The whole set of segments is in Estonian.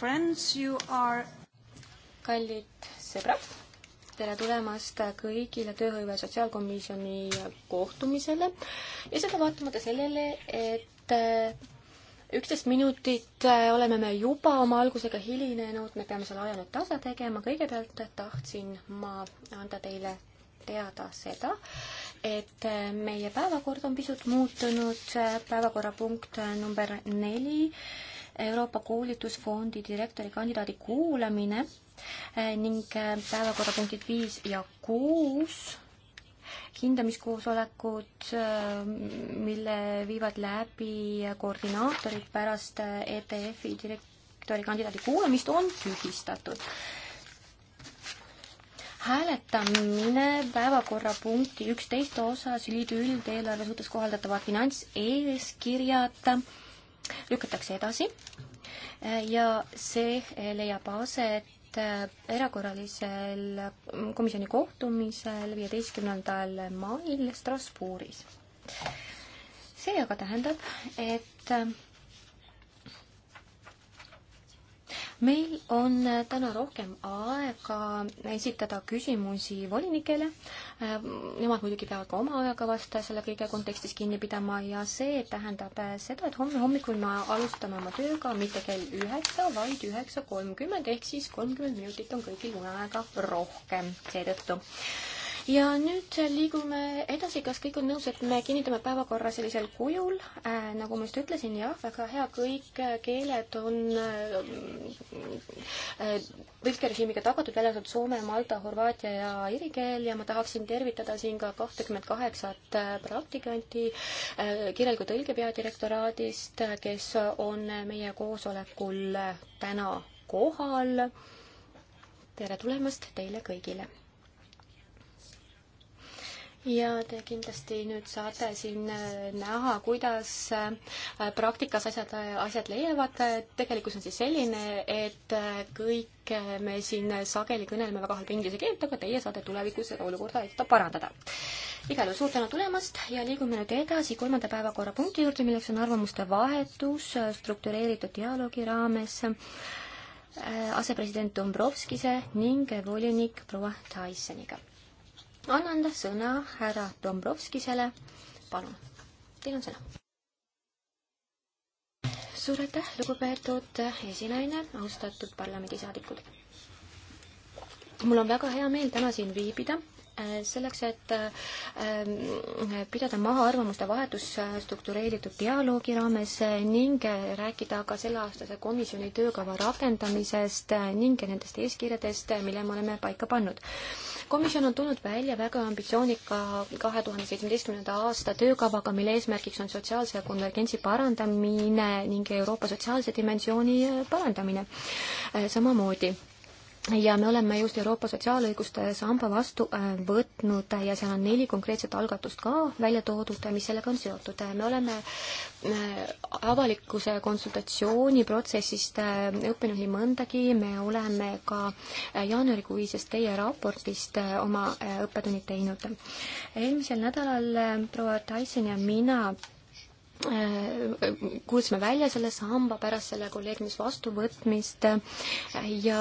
friends, you are kallid sõbrad, tere tulemast kõigile Tööhõive Sotsiaalkomisjoni kohtumisele ja seda vaatamata sellele, et äh, üksteist minutit äh, oleme me juba oma algusega hilinenud, me peame selle aja nüüd tasa tegema, kõigepealt tahtsin ma anda teile teada seda, et äh, meie päevakord on pisut muutunud, päevakorrapunkt number neli Euroopa koolitusfondi direktori kandidaadi kuulamine eh, ning eh, päevakorrapunktid viis ja kuus hindamiskoosolekud, eh, mille viivad läbi koordinaatorid pärast ETF-i e direktori kandidaadi kuulamist, on tühistatud. hääletamine päevakorrapunkti üksteist osas liidu üldeelarve suhtes kohaldatavad finantseeskirjad lükatakse edasi ja see leiab aset äh, erakorralisel komisjoni kohtumisel viieteistkümnendal mail Strasbourgis. see aga tähendab, et äh, meil on äh, täna rohkem aega esitada küsimusi volinikele. Äh, nemad muidugi peavad ka oma ajakavast selle kõige kontekstis kinni pidama ja see tähendab äh, seda, et homme hommikul me alustame oma tööga mitte kell üheksa, vaid üheksa kolmkümmend ehk siis kolmkümmend minutit on kõigil uneaega rohkem seetõttu ja nüüd liigume edasi, kas kõik on nõus, et me kinnitame päevakorra sellisel kujul äh,, nagu ma just ütlesin, jah, väga hea, kõik keeled on äh, tõlkerežiimiga äh, tagatud, välja arvatud soome, malta, horvaatia ja iiri keel ja ma tahaksin tervitada siin ka kahtekümmet kaheksat äh, praktikanti äh, kirjaliku tõlge peadirektoraadist, äh, kes on meie koosolekul täna kohal. tere tulemast teile kõigile ja te kindlasti nüüd saate siin äh, näha, kuidas äh, praktikas asjad, äh, asjad leiavad. tegelikkus on siis selline, et kõik me siin sageli kõneleme väga halba inglise keelt, aga teie saate tulevikus seda olukorda aidata parandada. igal juhul suur tänu tulemast ja liigume nüüd edasi kolmanda päevakorrapunkti juurde, milleks on arvamuste vahetus struktureeritud dialoogi raames asepresident Dombrovskise ning volinik proua Tysoniga annan sõna härra Dombrovskisele, palun, teil on sõna. suur aitäh, lugupeetud esinaine, austatud parlamendisaadikud. mul on väga hea meel täna siin viibida Äh, selleks, et äh, äh, pidada maha arvamuste vahetus struktureeritud dialoogi raames ning rääkida ka selleaastase komisjoni töökava rakendamisest ning nendest eeskirjadest, mille me oleme paika pannud. komisjon on tulnud välja väga ambitsioonika kahe tuhande seitsmeteistkümnenda aasta töökavaga, mille eesmärgiks on sotsiaalse konvergentsi parandamine ning Euroopa sotsiaalse dimensiooni parandamine samamoodi ja me oleme just Euroopa sotsiaalõiguste samba vastu äh, võtnud ja seal on neli konkreetset algatust ka välja toodud, mis sellega on seotud. me oleme äh, avalikkuse konsultatsiooniprotsessist äh, õppinud nii mõndagi, me oleme ka jaanuarikuisest teie raportist oma õppetunnid teinud. eelmisel nädalal proua Tyson ja mina kuulsime välja selle samba pärast selle kolleegiumis vastuvõtmist ja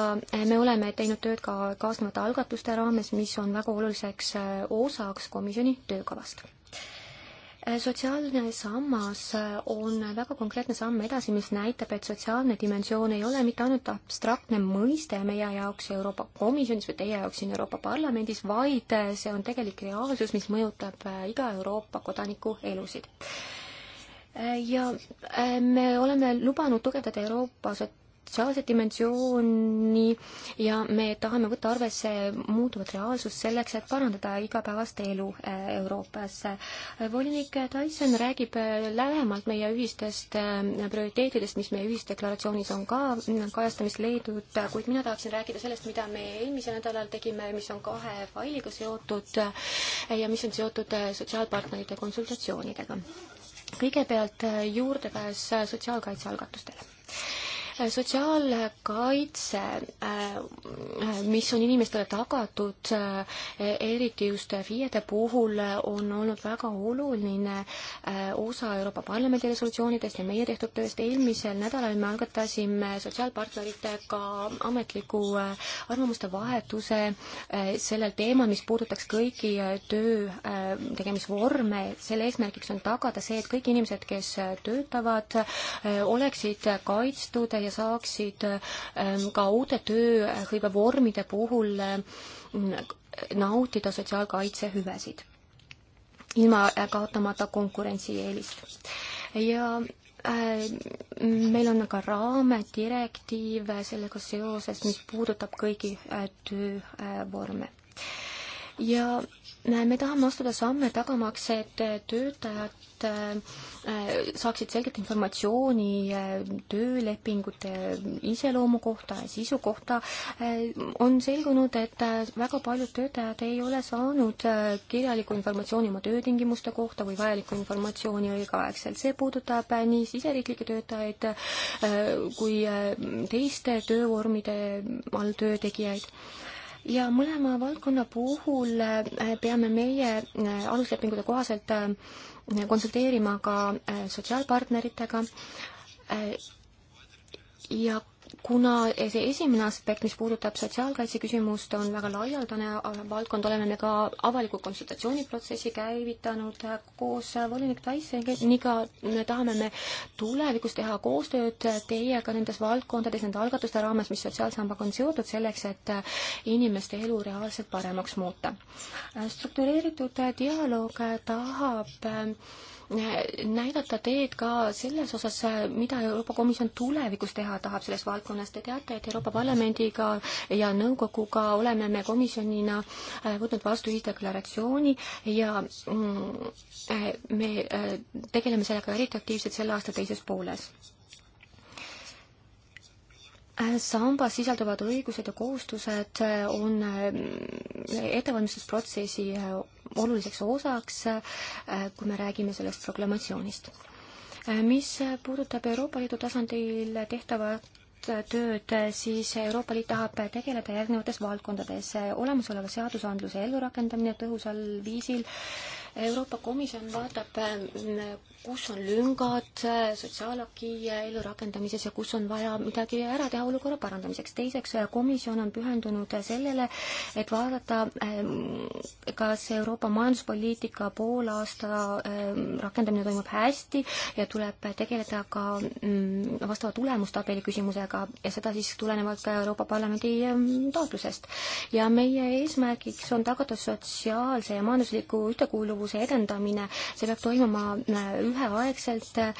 me oleme teinud tööd ka kaasnevate algatuste raames, mis on väga oluliseks äh, osaks komisjoni töökavast äh, sotsiaalne sammas äh, on väga konkreetne samm edasi, mis näitab, et sotsiaalne dimensioon ei ole mitte ainult abstraktne mõiste meie jaoks Euroopa Komisjonis või teie jaoks siin Euroopa Parlamendis, vaid see on tegelik reaalsus, mis mõjutab iga Euroopa kodaniku elusid ja äh, me oleme lubanud tugevdada Euroopa sotsiaalset dimensiooni ja me tahame võtta arvesse muutuvat reaalsust selleks, et parandada igapäevast elu äh, Euroopas. Äh, volinik Tyson räägib lähemalt meie ühistest prioriteetidest, mis meie ühisdeklaratsioonis on ka kajastamist leidnud, kuid mina tahaksin rääkida sellest, mida me eelmisel nädalal tegime, mis on kahe failiga seotud ja mis on seotud sotsiaalpartnerite konsultatsioonidega kõigepealt eh, juurdepääs sotsiaalkaitsealgatustele sotsiaalkaitse, äh, mis on inimestele tagatud, äh, eriti just FIE-de puhul, on olnud väga oluline äh, osa Euroopa Parlamendi resolutsioonidest ja meie tehtud tööst. eelmisel nädalal me algatasime sotsiaalpartneritega ametliku arvamuste vahetuse sellel teemal, mis puudutaks kõigi töö tegemisvorme. selle eesmärgiks on tagada see, et kõik inimesed, kes töötavad, oleksid kaitstud ja saaksid ähm, ka uute tööhõivevormide puhul ähm, nautida sotsiaalkaitsehüvesid, ilma kaotamata konkurentsieelist. ja äh, meil on ka raamedirektiiv sellega seoses, mis puudutab kõigi äh, töövorme. ja me tahame astuda samme tagamaks, et äh, töötajad äh, saaksid selget informatsiooni äh, töölepingute iseloomu kohta ja sisu kohta. on selgunud, et väga paljud töötajad ei ole saanud kirjalikku informatsiooni oma töötingimuste kohta või vajalikku informatsiooni õigeaegselt. see puudutab nii siseriiklikke töötajaid kui teiste töövormide all töötegijaid ja mõlema valdkonna puhul äh, peame meie äh, aluslepingute kohaselt äh, konsulteerima ka sotsiaalpartneritega ja kuna see esimene aspekt, mis puudutab sotsiaalkaitse küsimust, on väga laialdane valdkond, oleme me ka avaliku konsultatsiooniprotsessi käivitanud koos volinik Taisseniga, tahame me tulevikus teha koostööd teiega nendes valdkondades, nende algatuste raames, mis sotsiaalsambaga on seotud, selleks et inimeste elu reaalselt paremaks muuta. struktureeritud dialoog tahab näidata teed ka selles osas, mida Euroopa Komisjon tulevikus teha tahab selles valdkonnas, valdkonnas. Te teate, et Euroopa Parlamendiga ja nõukoguga oleme me komisjonina äh, võtnud vastu ühisdeklaratsiooni ja mm, äh, me äh, tegeleme sellega eriti aktiivselt selle aasta teises pooles sambas sisalduvad õigused ja kohustused on ettevalmistusprotsessi oluliseks osaks, kui me räägime sellest proklamatsioonist. mis puudutab Euroopa Liidu tasandil tehtavat tööd, siis Euroopa Liit tahab tegeleda järgnevates valdkondades. olemasoleva seadusandluse ellurakendamine tõhusal viisil Euroopa Komisjon vaatab, kus on lüngad sotsiaalaki ellurakendamises ja kus on vaja midagi ära teha olukorra parandamiseks. teiseks, komisjon on pühendunud sellele, et vaadata, kas Euroopa majanduspoliitika poolaasta ähm, rakendamine toimub hästi ja tuleb tegeleda ka mm, vastava tulemustabeli küsimusega ja seda siis tulenevalt ka Euroopa Parlamendi ähm, taotlusest. ja meie eesmärgiks on tagada sotsiaalse ja majandusliku ühtekuuluvuse tegevuse edendamine, see peab toimuma äh, üheaegselt, äh,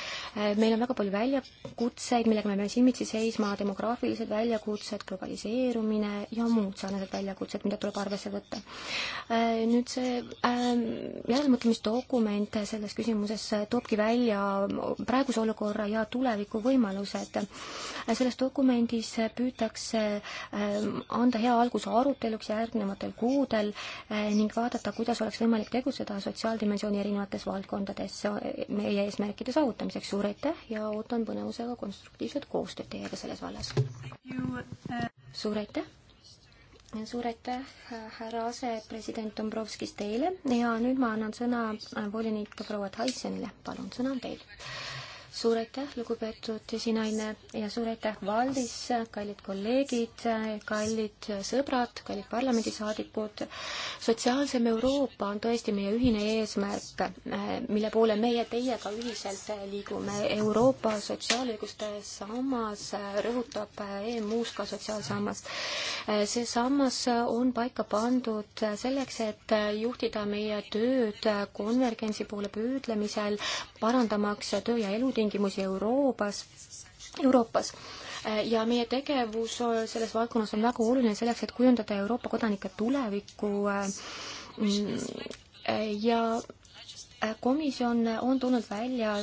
meil on väga palju väljakutseid, millega me peame silmitsi seisma, demograafilised väljakutsed, globaliseerumine ja muud sarnased väljakutsed, mida tuleb arvesse võtta. Äh, nüüd see ähm, järelmõtlemisdokument selles küsimuses toobki välja praeguse olukorra ja tuleviku võimalused. selles dokumendis püütakse ähm, anda hea alguse aruteluks järgnevatel kuudel ning vaadata, kuidas oleks võimalik tegutseda sotsiaaldimensiooni erinevates valdkondades meie eesmärkide saavutamiseks. suur aitäh ja ootan põnevusega konstruktiivset koostööd teiega selles vallas. suur aitäh! suur aitäh, härra asepresident Dombrovskis teile ja nüüd ma annan sõna volinik proua Tysonile. palun, sõna on teil suur aitäh, lugupeetud esinaine ja suur aitäh, Valdis, kallid kolleegid, kallid sõbrad, kallid parlamendisaadikud. sotsiaalsem Euroopa on tõesti meie ühine eesmärk, mille poole meie teiega ühiselt liigume. Euroopa sotsiaalõiguste sammas rõhutab EMU-s ka sotsiaalsammast. see sammas on paika pandud selleks, et juhtida meie tööd konvergentsi poole püüdlemisel, parandamaks töö ja elutingimusi, töötingimusi Euroopas, Euroopas. ja meie tegevus selles valdkonnas on väga oluline selleks, et kujundada Euroopa kodanike tulevikku ja komisjon on tulnud välja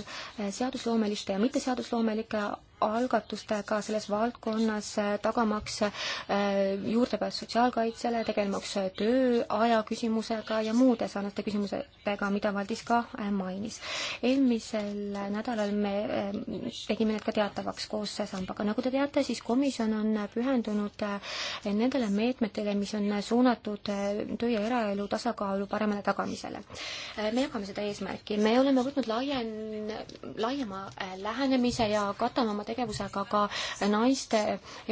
seadusloomeliste ja mitteseadusloomelike algatustega selles valdkonnas, äh, tagamaks äh, juurdepääs sotsiaalkaitsele, tegelemaks äh, tööaja küsimusega ja muude sarnaste küsimusega, mida Valdis ka mainis. eelmisel nädalal me tegime need ka teatavaks koos sambaga. nagu te teate, siis komisjon on pühendunud nendele meetmetele, mis on suunatud töö ja eraelu tasakaalu paremale tagamisele. me jagame seda eesmärki, me oleme võtnud laien, laiema lähenemise ja katame oma tegevusega ka naiste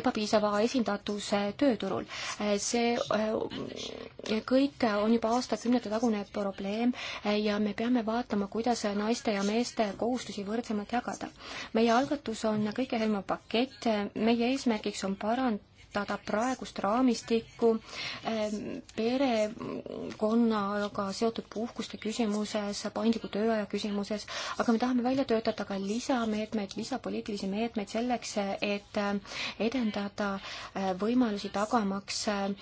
ebapiisava esindatuse tööturul. see eh, kõik on juba aastakümnete tagune probleem ja me peame vaatama, kuidas naiste ja meeste kohustusi võrdsemalt jagada. meie algatus on kõigehõlmav pakett, meie eesmärgiks on parand-, kasutada praegust raamistikku ähm, perekonnaga seotud puhkuste küsimuses, paindliku tööaja küsimuses, aga me tahame välja töötada ka lisameetmeid, lisapoliitilisi meetmeid selleks, et äh, edendada äh, võimalusi tagamaks äh,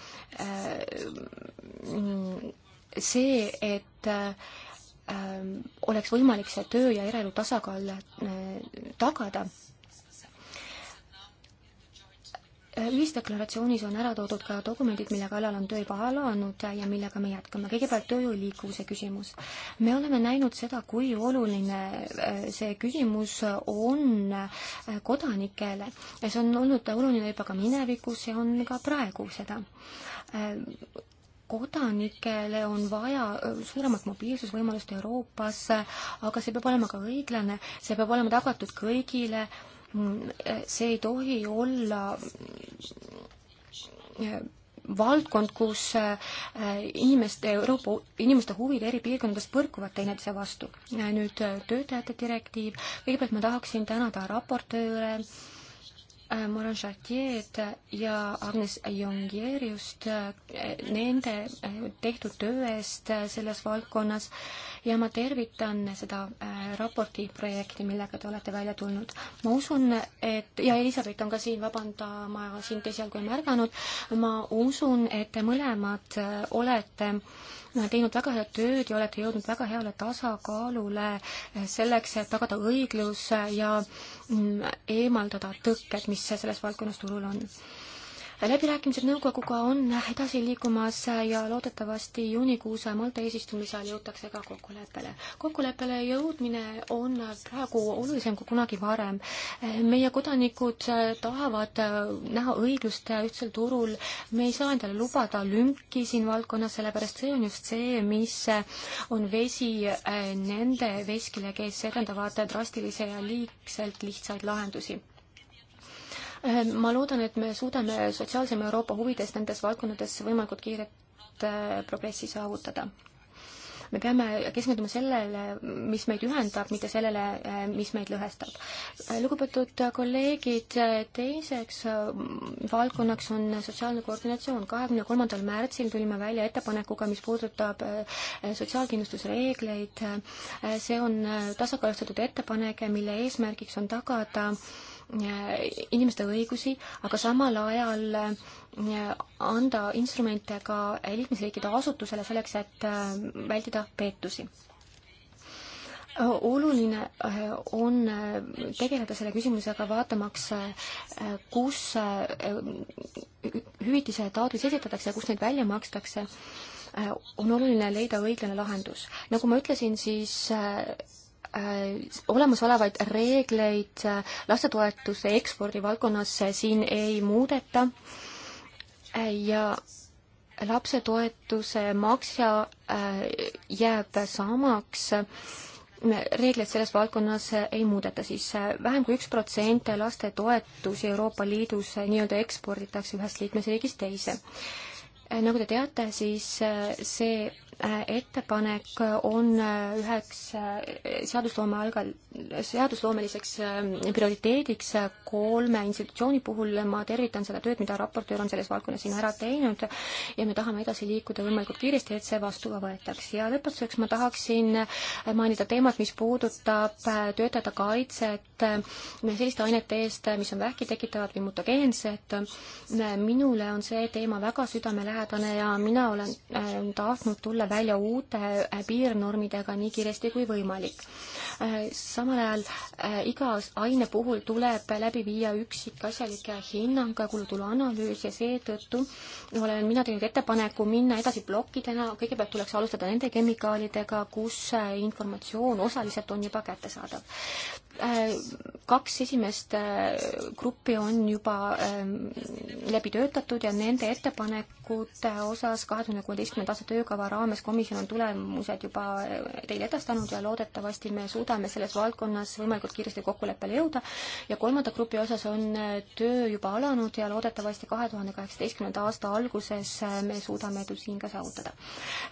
see, et oleks võimalik see töö ja eraelu tasakaal tagada Äh, ühisdeklaratsioonis on ära toodud ka dokumendid, mille kallal on töö juba alanud ja millega me jätkame. kõigepealt tööjõu liikuvuse küsimus. me oleme näinud seda, kui oluline äh, see küsimus on äh, kodanikele. see on olnud oluline juba ka minevikus ja on ka praegu seda kodanikele on vaja suuremat mobiilsusvõimalust Euroopas, aga see peab olema ka õiglane, see peab olema tagatud kõigile see ei tohi olla äh, valdkond, kus äh, inimeste, Euroopa inimeste huvid eri piirkondades põrkuvad teineteise vastu. nüüd töötajate direktiiv, kõigepealt ma tahaksin tänada raportööre äh, Äh, Moran Chartier'd äh, ja Agnes Jongeriust äh, nende tehtud töö eest selles valdkonnas ja ma tervitan seda raporti projekti, millega te olete välja tulnud. ma usun, et ja Elisabeth on ka siin, vabanda, ma sind esialgu ei märganud, ma usun, et te mõlemad olete teinud väga head tööd ja olete jõudnud väga heale tasakaalule eh, selleks, et tagada õiglus ja mm, eemaldada tõkked, mis selles valdkonnas turul on läbirääkimised nõukoguga on edasi liikumas ja loodetavasti juunikuus Malta eesistumise ajal jõutakse ka kokkuleppele. kokkuleppele jõudmine on praegu olulisem kui kunagi varem. meie kodanikud tahavad näha õiglust ühtsel turul, me ei saa endale lubada lünki siin valdkonnas, sellepärast see on just see, mis on vesi eh, nende veskile, kes edendavad drastilisi ja liigselt lihtsaid lahendusi Ehm, ma loodan, et me suudame sotsiaalsema Euroopa huvides nendes valdkondades võimalikult kiiret äh, progressi saavutada. me peame keskenduma sellele, mis meid ühendab, mitte sellele, äh, mis meid lõhestab. Äh, lugupeetud kolleegid, teiseks valdkonnaks on sotsiaalne koordinatsioon. kahekümne kolmandal märtsil tulime välja ettepanekuga, mis puudutab sotsiaalkindlustusreegleid. see on tasakaalustatud ettepanek, mille eesmärgiks on tagada inimeste õigusi, aga samal ajal äh, anda instrumente ka liikmesriikide asutusele selleks, et äh, vältida peetusi. oluline äh, on tegeleda selle küsimusega, vaatamaks, kus hüvitise taotlus esitatakse ja kus neid välja makstakse on oluline leida õiglane lahendus. nagu ma ütlesin, siis Äh, olemasolevaid reegleid äh, lastetoetuse ekspordi valdkonnas äh, siin ei muudeta ja lapsetoetuse maksja jääb samaks reegleid selles valdkonnas ei muudeta, siis vähem kui üks protsent lastetoetusi Euroopa Liidus nii-öelda eksporditakse ühest liikmesriigist teise. nagu te teate, siis see ettepanek on üheks seadusloome algal, seadusloomeliseks äh, prioriteediks kolme institutsiooni puhul, ma tervitan seda tööd, mida raportöör on selles valdkonnas siin ära teinud ja me tahame edasi liikuda võimalikult kiiresti, et see vastu ka võetaks. ja lõpetuseks ma tahaksin mainida teemat, mis puudutab äh, töötajate kaitset äh, selliste ainete eest, mis on vähki tekitavad või mutageensed. minule on see teema väga südamelähedane ja mina olen tahtnud tulla välja uute piirnormidega nii kiiresti kui võimalik. Äh, samal ajal äh, iga aine puhul tuleb läbi viia üksikasjalik hinnang, kulutulu analüüs ja seetõttu olen mina teinud ettepaneku minna edasi plokkidena, kõigepealt tuleks alustada nende kemikaalidega, kus äh, informatsioon osaliselt on juba kättesaadav. Kaks esimest gruppi on juba ähm, läbi töötatud ja nende ettepanekute osas kahe tuhande kuueteistkümnenda aasta töökava raames komisjon on tulemused juba teile edastanud ja loodetavasti me suudame suudame selles valdkonnas võimalikult kiiresti kokkuleppele jõuda ja kolmanda grupi osas on äh, töö juba alanud ja loodetavasti kahe tuhande kaheksateistkümnenda aasta alguses äh, me suudame edu siin ka saavutada.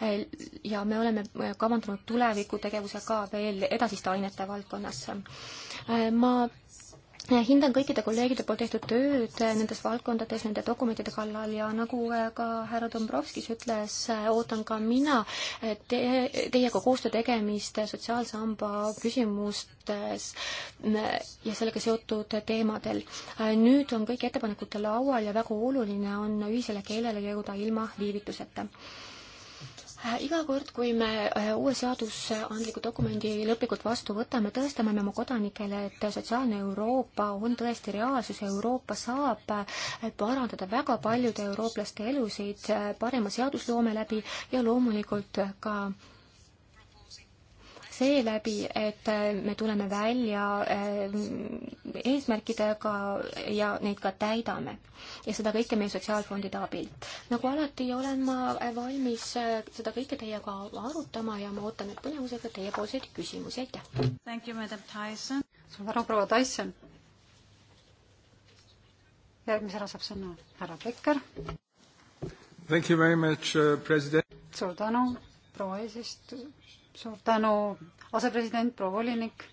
Äh, ja me oleme kavandanud tuleviku tegevuse ka veel edasiste ainete valdkonnas. ma hindan kõikide kolleegide poolt tehtud tööd eh, nendes valdkondades nende dokumentide kallal ja nagu eh, ka härra Dombrovskis ütles, eh, ootan ka mina te, teiega koostöö tegemist sotsiaalsamba küsimustes mm, ja sellega seotud teemadel. nüüd on kõik ettepanekute laual ja väga oluline on ühisele keelele jõuda ilma viivituseta Äh, iga kord, kui me äh, uue seadusandliku dokumendi lõplikult vastu võtame, tõestame me oma kodanikele, et sotsiaalne Euroopa on tõesti reaalsus, Euroopa saab äh, parandada väga paljude eurooplaste elusid parema seadusloome läbi ja loomulikult ka seeläbi, et äh, me tuleme välja äh, eesmärkidega ja neid ka täidame. ja seda kõike meie sotsiaalfondide abilt. nagu alati olen ma äh, valmis seda kõike teiega arutama ja ma ootan nüüd põnevusega teiepoolseid küsimusi, aitäh! suur tänu, proua Tyson! järgmisena saab sõna härra Pekker. Uh, suur tänu, proua eesistuja suur tänu, asepresident, proua volinik.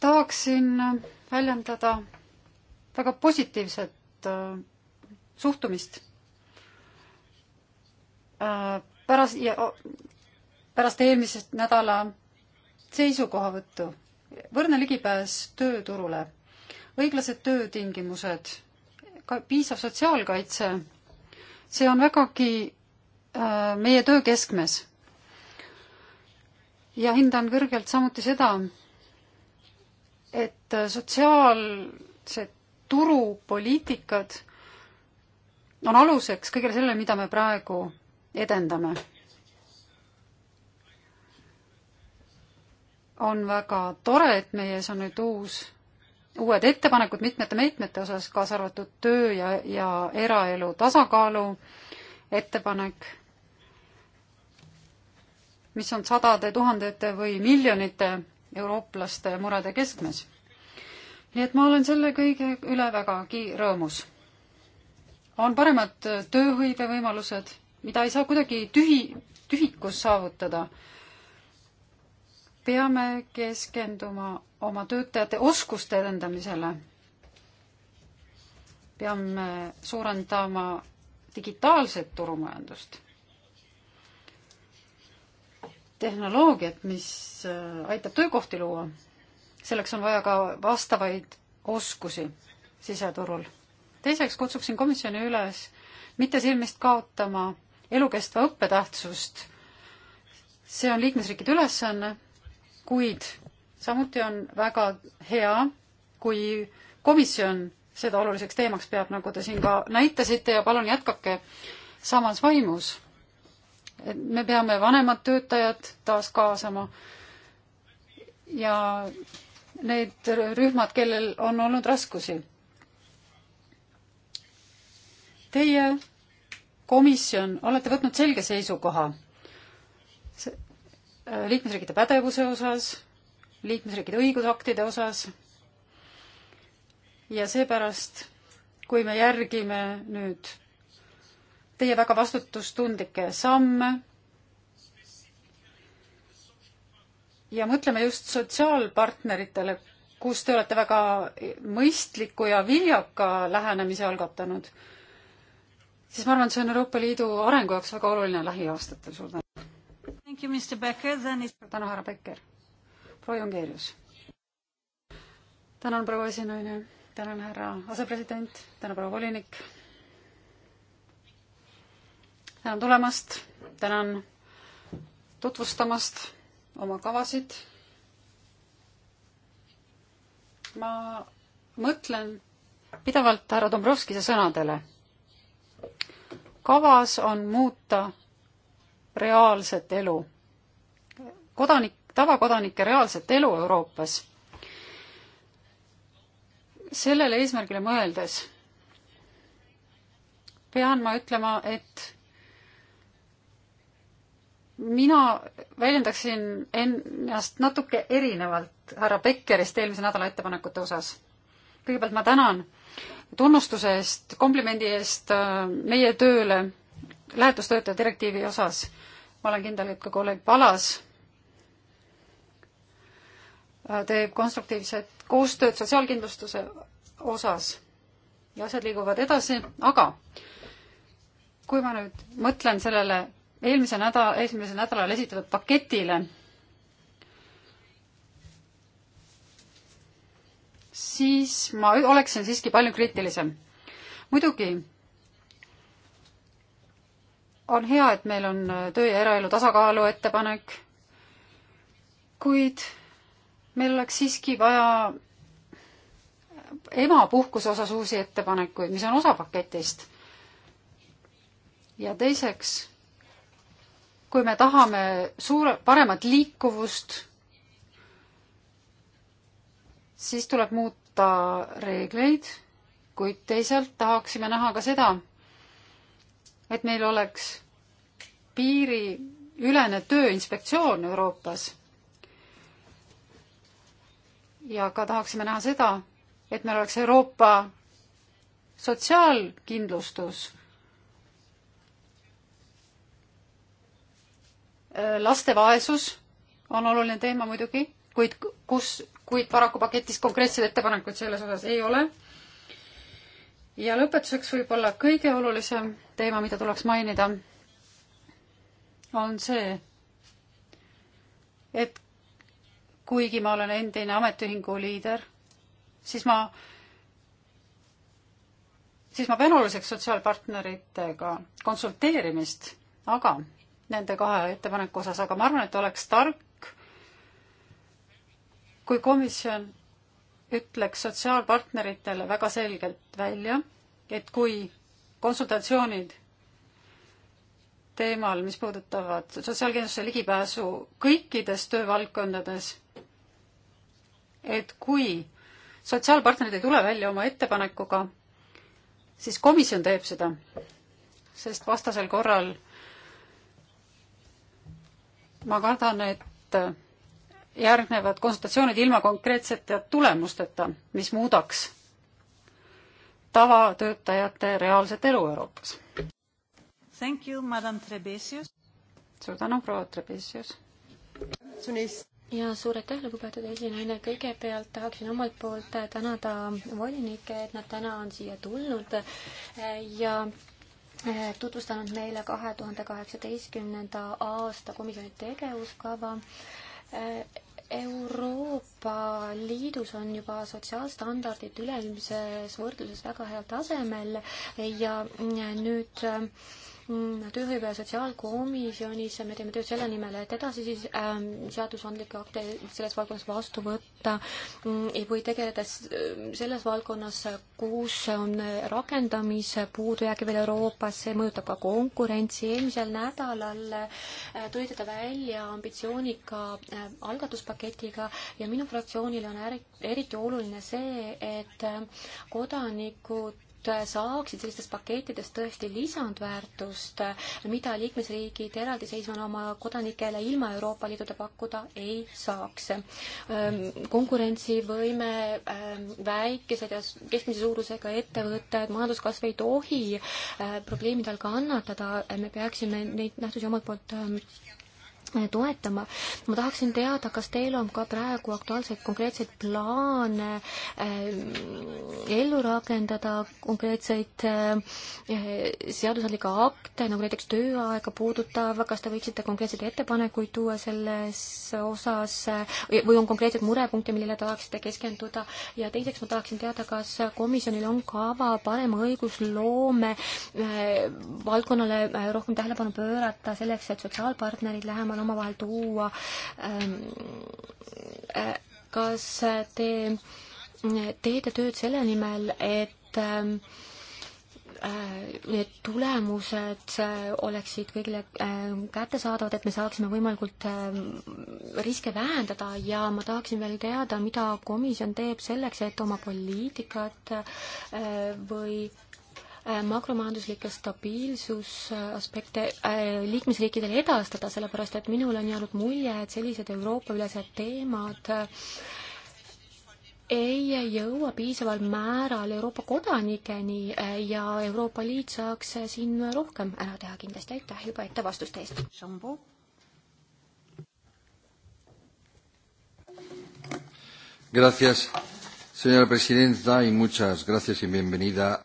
tahaksin väljendada väga positiivset äh, suhtumist. Äh, pärast, pärast eelmisest nädala seisukohavõttu võrdne ligipääs tööturule, õiglased töötingimused, ka piisav sotsiaalkaitse, see on vägagi äh, meie töö keskmes ja hindan kõrgelt samuti seda, et sotsiaalsed turupoliitikad on aluseks kõigele sellele, mida me praegu edendame. on väga tore, et meie ees on nüüd uus, uued ettepanekud mitmete meetmete osas, kaasa arvatud töö ja, ja eraelu tasakaalu ettepanek mis on sadade, tuhandete või miljonite eurooplaste murede keskmes. nii et ma olen selle kõige üle vägagi rõõmus. on paremad tööhõivevõimalused, mida ei saa kuidagi tühi, tühikus saavutada. peame keskenduma oma töötajate oskuste edendamisele. peame suurendama digitaalset turumajandust tehnoloogiat, mis äh, aitab töökohti luua. selleks on vaja ka vastavaid oskusi siseturul. teiseks kutsuksin komisjoni üles mitte silmist kaotama elukestva õppe tähtsust. see on liikmesriikide ülesanne, kuid samuti on väga hea, kui komisjon seda oluliseks teemaks peab, nagu te siin ka näitasite ja palun jätkake samas vaimus me peame vanemad töötajad taas kaasama ja need rühmad, kellel on olnud raskusi. Teie komisjon, olete võtnud selge seisukoha äh, liikmesriikide pädevuse osas, liikmesriikide õigusaktide osas ja seepärast, kui me järgime nüüd teie väga vastutustundlikke samme. ja mõtleme just sotsiaalpartneritele, kus te olete väga mõistliku ja viljaka lähenemise algatanud, siis ma arvan, et see on Euroopa Liidu arengu jaoks väga oluline lähiaastatel. suur tänu. tänu, härra Becker. proua Jongeerius. tänan, proua esinaine, tänan, härra asepresident, tänan, proua volinik tänan tulemast, tänan tutvustamast oma kavasid. ma mõtlen pidevalt härra Dombrovskise sõnadele. kavas on muuta reaalset elu, kodanik, tavakodanike reaalset elu Euroopas. sellele eesmärgile mõeldes pean ma ütlema, et mina väljendaksin ennast natuke erinevalt härra Beckerist eelmise nädala ettepanekute osas. kõigepealt ma tänan tunnustuse eest, komplimendi eest äh, meie tööle lähetustöötaja direktiivi osas. ma olen kindel, et ka kolleeg Palas äh, teeb konstruktiivset koostööd sotsiaalkindlustuse osas ja asjad liiguvad edasi, aga kui ma nüüd mõtlen sellele eelmise nädala, esimesel nädalal esitatud paketile, siis ma oleksin siiski palju kriitilisem. muidugi on hea, et meil on töö ja eraelu tasakaalu ettepanek, kuid meil oleks siiski vaja emapuhkuse osas uusi ettepanekuid, mis on osa paketist. ja teiseks kui me tahame suure, paremat liikuvust, siis tuleb muuta reegleid, kuid teisalt tahaksime näha ka seda, et meil oleks piiriülene tööinspektsioon Euroopas. ja ka tahaksime näha seda, et meil oleks Euroopa sotsiaalkindlustus Äh, laste vaesus on oluline teema muidugi, kuid kus, kuid paraku paketis konkreetseid ettepanekuid selles osas ei ole. ja lõpetuseks võib-olla kõige olulisem teema, mida tuleks mainida, on see, et kuigi ma olen endine ametiühingu liider, siis ma, siis ma pean oluliseks sotsiaalpartneritega konsulteerimist, aga nende kahe ettepaneku osas, aga ma arvan, et oleks tark, kui komisjon ütleks sotsiaalpartneritele väga selgelt välja, et kui konsultatsioonid teemal, mis puudutavad sotsiaalkindlustuse ligipääsu kõikides töövaldkondades, et kui sotsiaalpartnerid ei tule välja oma ettepanekuga, siis komisjon teeb seda, sest vastasel korral ma kardan, et järgnevad konsultatsioonid ilma konkreetsete tulemusteta, mis muudaks tavatöötajate reaalset elu Euroopas. suur tänu, proua Trebesius! ja suur aitäh, lugupeetud esinaine, kõigepealt tahaksin omalt poolt tänada volinikke, et nad täna on siia tulnud ja tutvustanud meile kahe tuhande kaheksateistkümnenda aasta komisjoni tegevuskava. Euroopa Liidus on juba sotsiaalstandardid üleilmses võrdluses väga heal tasemel ja nüüd Mm, tööhõive ja sotsiaalkomisjonis me teeme tööd selle nimel, et edasi siis ähm, seadusandlikke akte selles valdkonnas vastu võtta mm, või tegeleda selles valdkonnas, kus on rakendamise puudujäägi veel Euroopas, see mõjutab ka konkurentsi. eelmisel nädalal äh, tulite te välja ambitsioonika äh, algatuspaketiga ja minu fraktsioonile on eriti oluline see, et äh, kodanikud saaksid sellistest pakettidest tõesti lisandväärtust, mida liikmesriigid eraldiseisvana oma kodanikele ilma Euroopa Liiduta pakkuda ei saaks. Ähm, konkurentsivõime, ähm, väikesed ja keskmise suurusega ettevõtted, majanduskasv ei tohi äh, probleemide all kannatada, me peaksime neid nähtusi omalt poolt ähm, toetama. ma tahaksin teada, kas teil on ka praegu aktuaalseid konkreetseid plaane äh, ellu rakendada konkreetseid äh, seadusandlikke akte, nagu näiteks tööaega puudutav, kas te võiksite konkreetseid ettepanekuid tuua selles osas äh, või on konkreetseid murepunkte, millele tahaksite keskenduda ja teiseks ma tahaksin teada, kas komisjonil on kava parema õigusloome äh, valdkonnale äh, rohkem tähelepanu pöörata selleks, et sotsiaalpartnerid lähemale on omavahel tuua. Ähm, äh, kas te teete tööd selle nimel, et ähm, äh, need tulemused äh, oleksid kõigile ähm, kättesaadavad, et me saaksime võimalikult riske vähendada ja ma tahaksin veel teada, mida komisjon teeb selleks, et oma poliitikat või Äh, makromajanduslikke stabiilsusaspekte äh, liikmesriikidele edastada, sellepärast et minul on jäänud mulje, et sellised Euroopa-ülesed teemad äh, ei jõua piisaval määral Euroopa kodanikeni ja Euroopa Liit saaks siin rohkem ära teha kindlasti. aitäh juba ette vastuste eest. Gracias, señora presidenta, y muchas gracias y bienvenida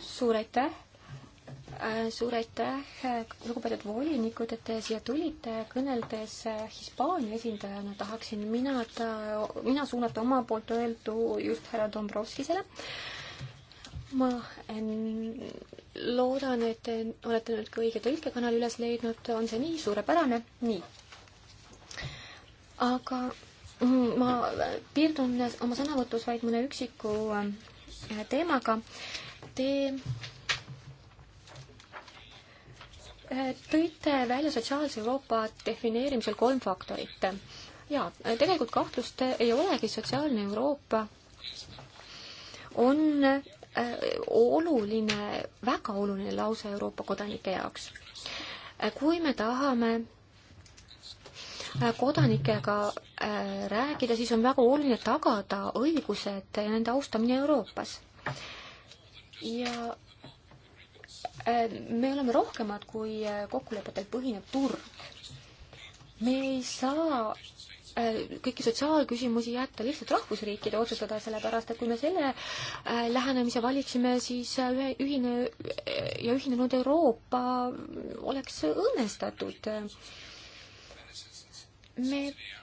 suur aitäh, äh, suur aitäh, lugupeetud volinikud, et te siia tulite, kõneldes äh, Hispaania esindajana tahaksin mina ta, mina suunata oma poolt öeldu just härra Dombrovskisele ma en, loodan, et te olete nüüd ka õige tõlkekanali üles leidnud, on see nii suurepärane, nii. aga Mm, ma piirdun oma sõnavõtus vaid mõne üksiku äh, teemaga. Te äh, tõite välja sotsiaalse Euroopa defineerimisel kolm faktorit. jaa, tegelikult kahtlust ei olegi, sotsiaalne Euroopa on äh, oluline, väga oluline lause Euroopa kodanike jaoks. kui me tahame Äh, kodanikega äh, rääkida, siis on väga oluline tagada õigused ja nende austamine Euroopas. ja äh, me oleme rohkemad kui kokkulepetel põhinev turg. me ei saa kõiki sotsiaalküsimusi jätta lihtsalt rahvusriikide otsustada, sellepärast et kui me selle lähenemise valiksime, siis ühe ühine ja ühinenud Euroopa oleks õõnestatud me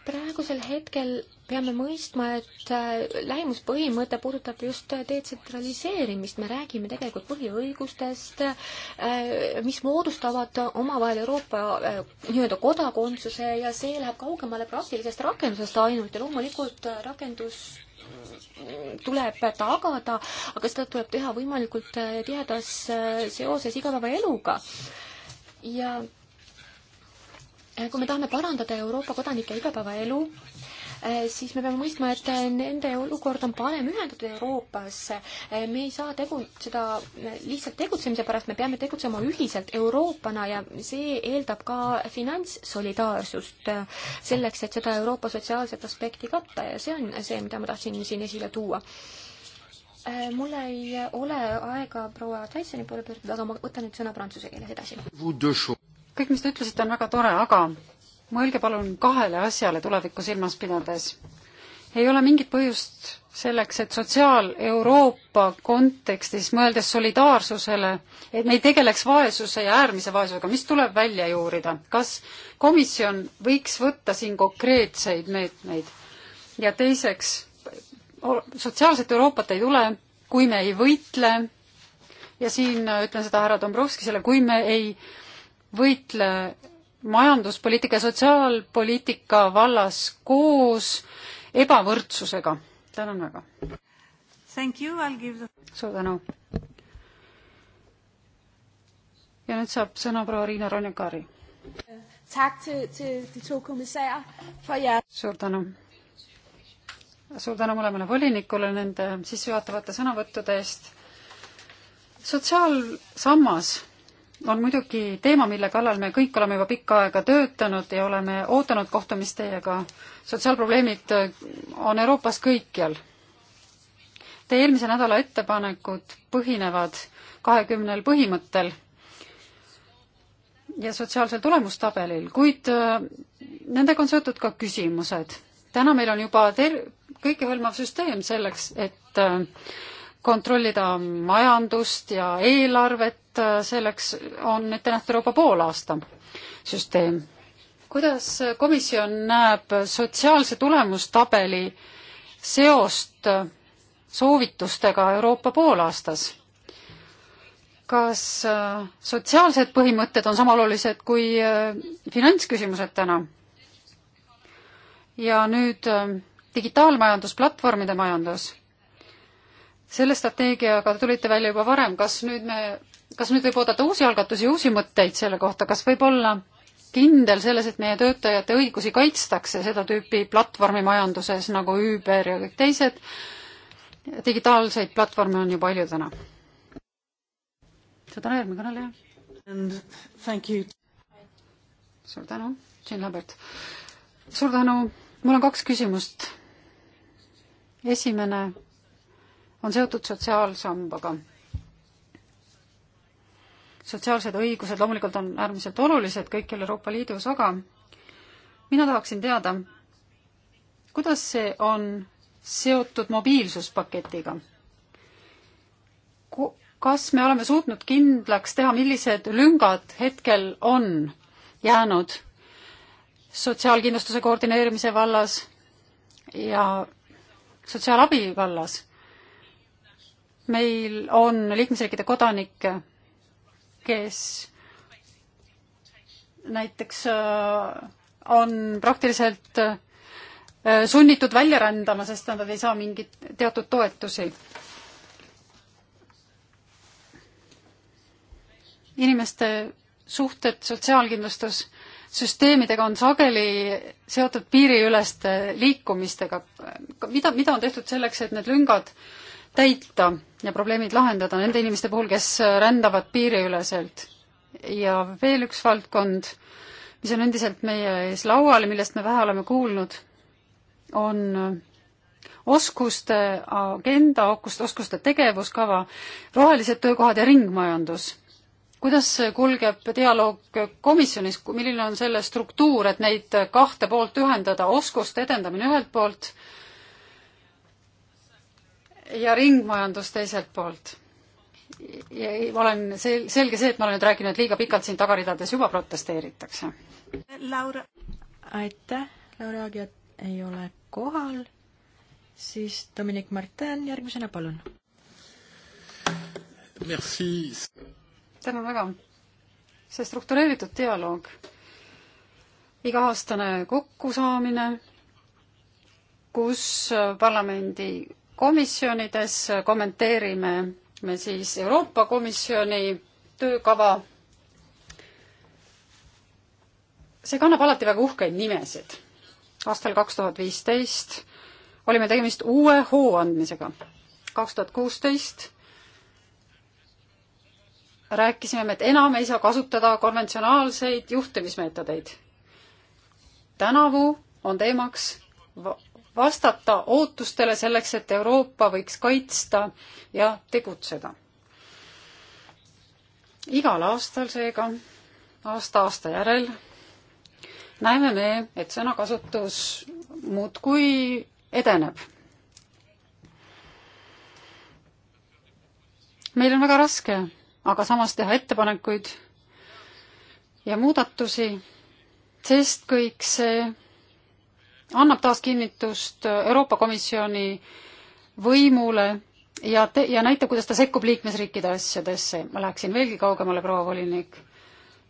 praegusel hetkel peame mõistma, et äh, lähimuspõhimõte puudutab just äh, detsentraliseerimist, me räägime tegelikult põhiõigustest, äh, mis moodustavad omavahel Euroopa nii-öelda kodakondsuse ja see läheb kaugemale praktilisest rakendusest ainult ja loomulikult rakendus mm, tuleb tagada, aga seda tuleb teha võimalikult tihedas seoses igapäevaeluga. ja kui me tahame parandada Euroopa kodanike igapäevaelu, eh, siis me peame mõistma, et eh, nende olukord on parem ühendatud Euroopas. Eh, me ei saa tegutseda lihtsalt tegutsemise pärast, me peame tegutsema ühiselt Euroopana ja see eeldab ka finantssolidaarsust selleks, et seda Euroopa sotsiaalset aspekti katta ja see on see, mida ma tahtsin siin esile tuua mul ei ole aega proua Tysoni poole pöörduda, aga ma võtan nüüd sõna prantsuse keeles edasi kõik, mis te ütlesite, on väga tore, aga mõelge palun kahele asjale tulevikku silmas pidades. ei ole mingit põhjust selleks, et Sotsiaal-Euroopa kontekstis, mõeldes solidaarsusele, et me ei tegeleks vaesuse ja äärmise vaesusega, mis tuleb välja juurida, kas komisjon võiks võtta siin konkreetseid meetmeid? ja teiseks, sotsiaalset Euroopat ei tule, kui me ei võitle ja siin äh, ütlen seda härra Dombrovskisele, kui me ei äh, võitle majanduspoliitika ja sotsiaalpoliitika vallas koos ebavõrdsusega. tänan väga. The... suur tänu. ja nüüd saab sõna proua Riina Ronjakari. Er. suur tänu. suur tänu mõlemale volinikule nende sissejuhatavate sõnavõttude eest. sotsiaalsammas on muidugi teema, mille kallal me kõik oleme juba pikka aega töötanud ja oleme ootanud kohtumist teiega. sotsiaalprobleemid äh, on Euroopas kõikjal. Teie eelmise nädala ettepanekud põhinevad kahekümnel põhimõttel ja sotsiaalsel tulemustabelil, kuid äh, nendega on seotud ka küsimused. täna meil on juba ter-, kõikehõlmav süsteem selleks, et äh, kontrollida majandust ja eelarvet, äh, selleks on ette nähtud Euroopa poolaasta süsteem. kuidas komisjon näeb sotsiaalse tulemustabeli seost soovitustega Euroopa poolaastas? kas äh, sotsiaalsed põhimõtted on sama olulised kui äh, finantsküsimused täna? ja nüüd digitaalmajandusplatvormide majandus, platvormide majandus selle strateegiaga tulite välja juba varem, kas nüüd me, kas nüüd võib oodata uusi algatusi, uusi mõtteid selle kohta, kas võib olla kindel selles, et meie töötajate õigusi kaitstakse seda tüüpi platvormimajanduses nagu Uber ja kõik teised, digitaalseid platvorme on ju palju täna. seda on järgmine kõneleja. suur tänu, Jean Labert. suur tänu, mul on kaks küsimust. esimene on seotud sotsiaalsambaga. sotsiaalsed õigused loomulikult on äärmiselt olulised kõikjal Euroopa Liidus, aga mina tahaksin teada, kuidas see on seotud mobiilsuspaketiga? kas me oleme suutnud kindlaks teha, millised lüngad hetkel on jäänud sotsiaalkindlustuse koordineerimise vallas ja sotsiaalabi vallas? meil on liikmesriikide kodanikke, kes näiteks äh, on praktiliselt äh, sunnitud välja rändama, sest nad ei saa mingit teatud toetusi. inimeste suhted sotsiaalkindlustussüsteemidega on sageli seotud piiriüleste liikumistega. mida, mida on tehtud selleks, et need lüngad äh, täita ja probleemid lahendada nende inimeste puhul, kes rändavad piiriüleselt. ja veel üks valdkond, mis on endiselt meie ees laual ja millest me vähe oleme kuulnud, on oskuste agenda, oskuste tegevuskava, rohelised töökohad ja ringmajandus kuidas kulgeb dialoog komisjonis, milline on selle struktuur, et neid kahte poolt ühendada, oskuste edendamine ühelt poolt ja ringmajandus teiselt poolt. olen sel-, selge see, et ma olen nüüd rääkinud liiga pikalt, siin tagaridades juba protesteeritakse. Laura. aitäh, Laura Aagiat ei ole kohal, siis Dominic Martin järgmisena, palun. tänan väga. see struktureeritud dialoog, iga-aastane kokkusaamine, kus parlamendi komisjonides kommenteerime me siis Euroopa Komisjoni töökava. see kannab alati väga uhkeid nimesid. aastal kaks tuhat viisteist oli meil tegemist uue hoo andmisega. kaks tuhat kuusteist rääkisime me, et enam ei saa kasutada konventsionaalseid juhtimismeetodeid. tänavu on teemaks vastata ootustele selleks, et Euroopa võiks kaitsta ja tegutseda. igal aastal seega, aasta aasta järel, näeme me, et sõnakasutus muudkui edeneb. meil on väga raske, aga samas teha ettepanekuid ja muudatusi, sest kõik see annab taas kinnitust Euroopa Komisjoni võimule ja te-, ja näitab, kuidas ta sekkub liikmesriikide asjadesse. ma läheksin veelgi kaugemale, proua volinik.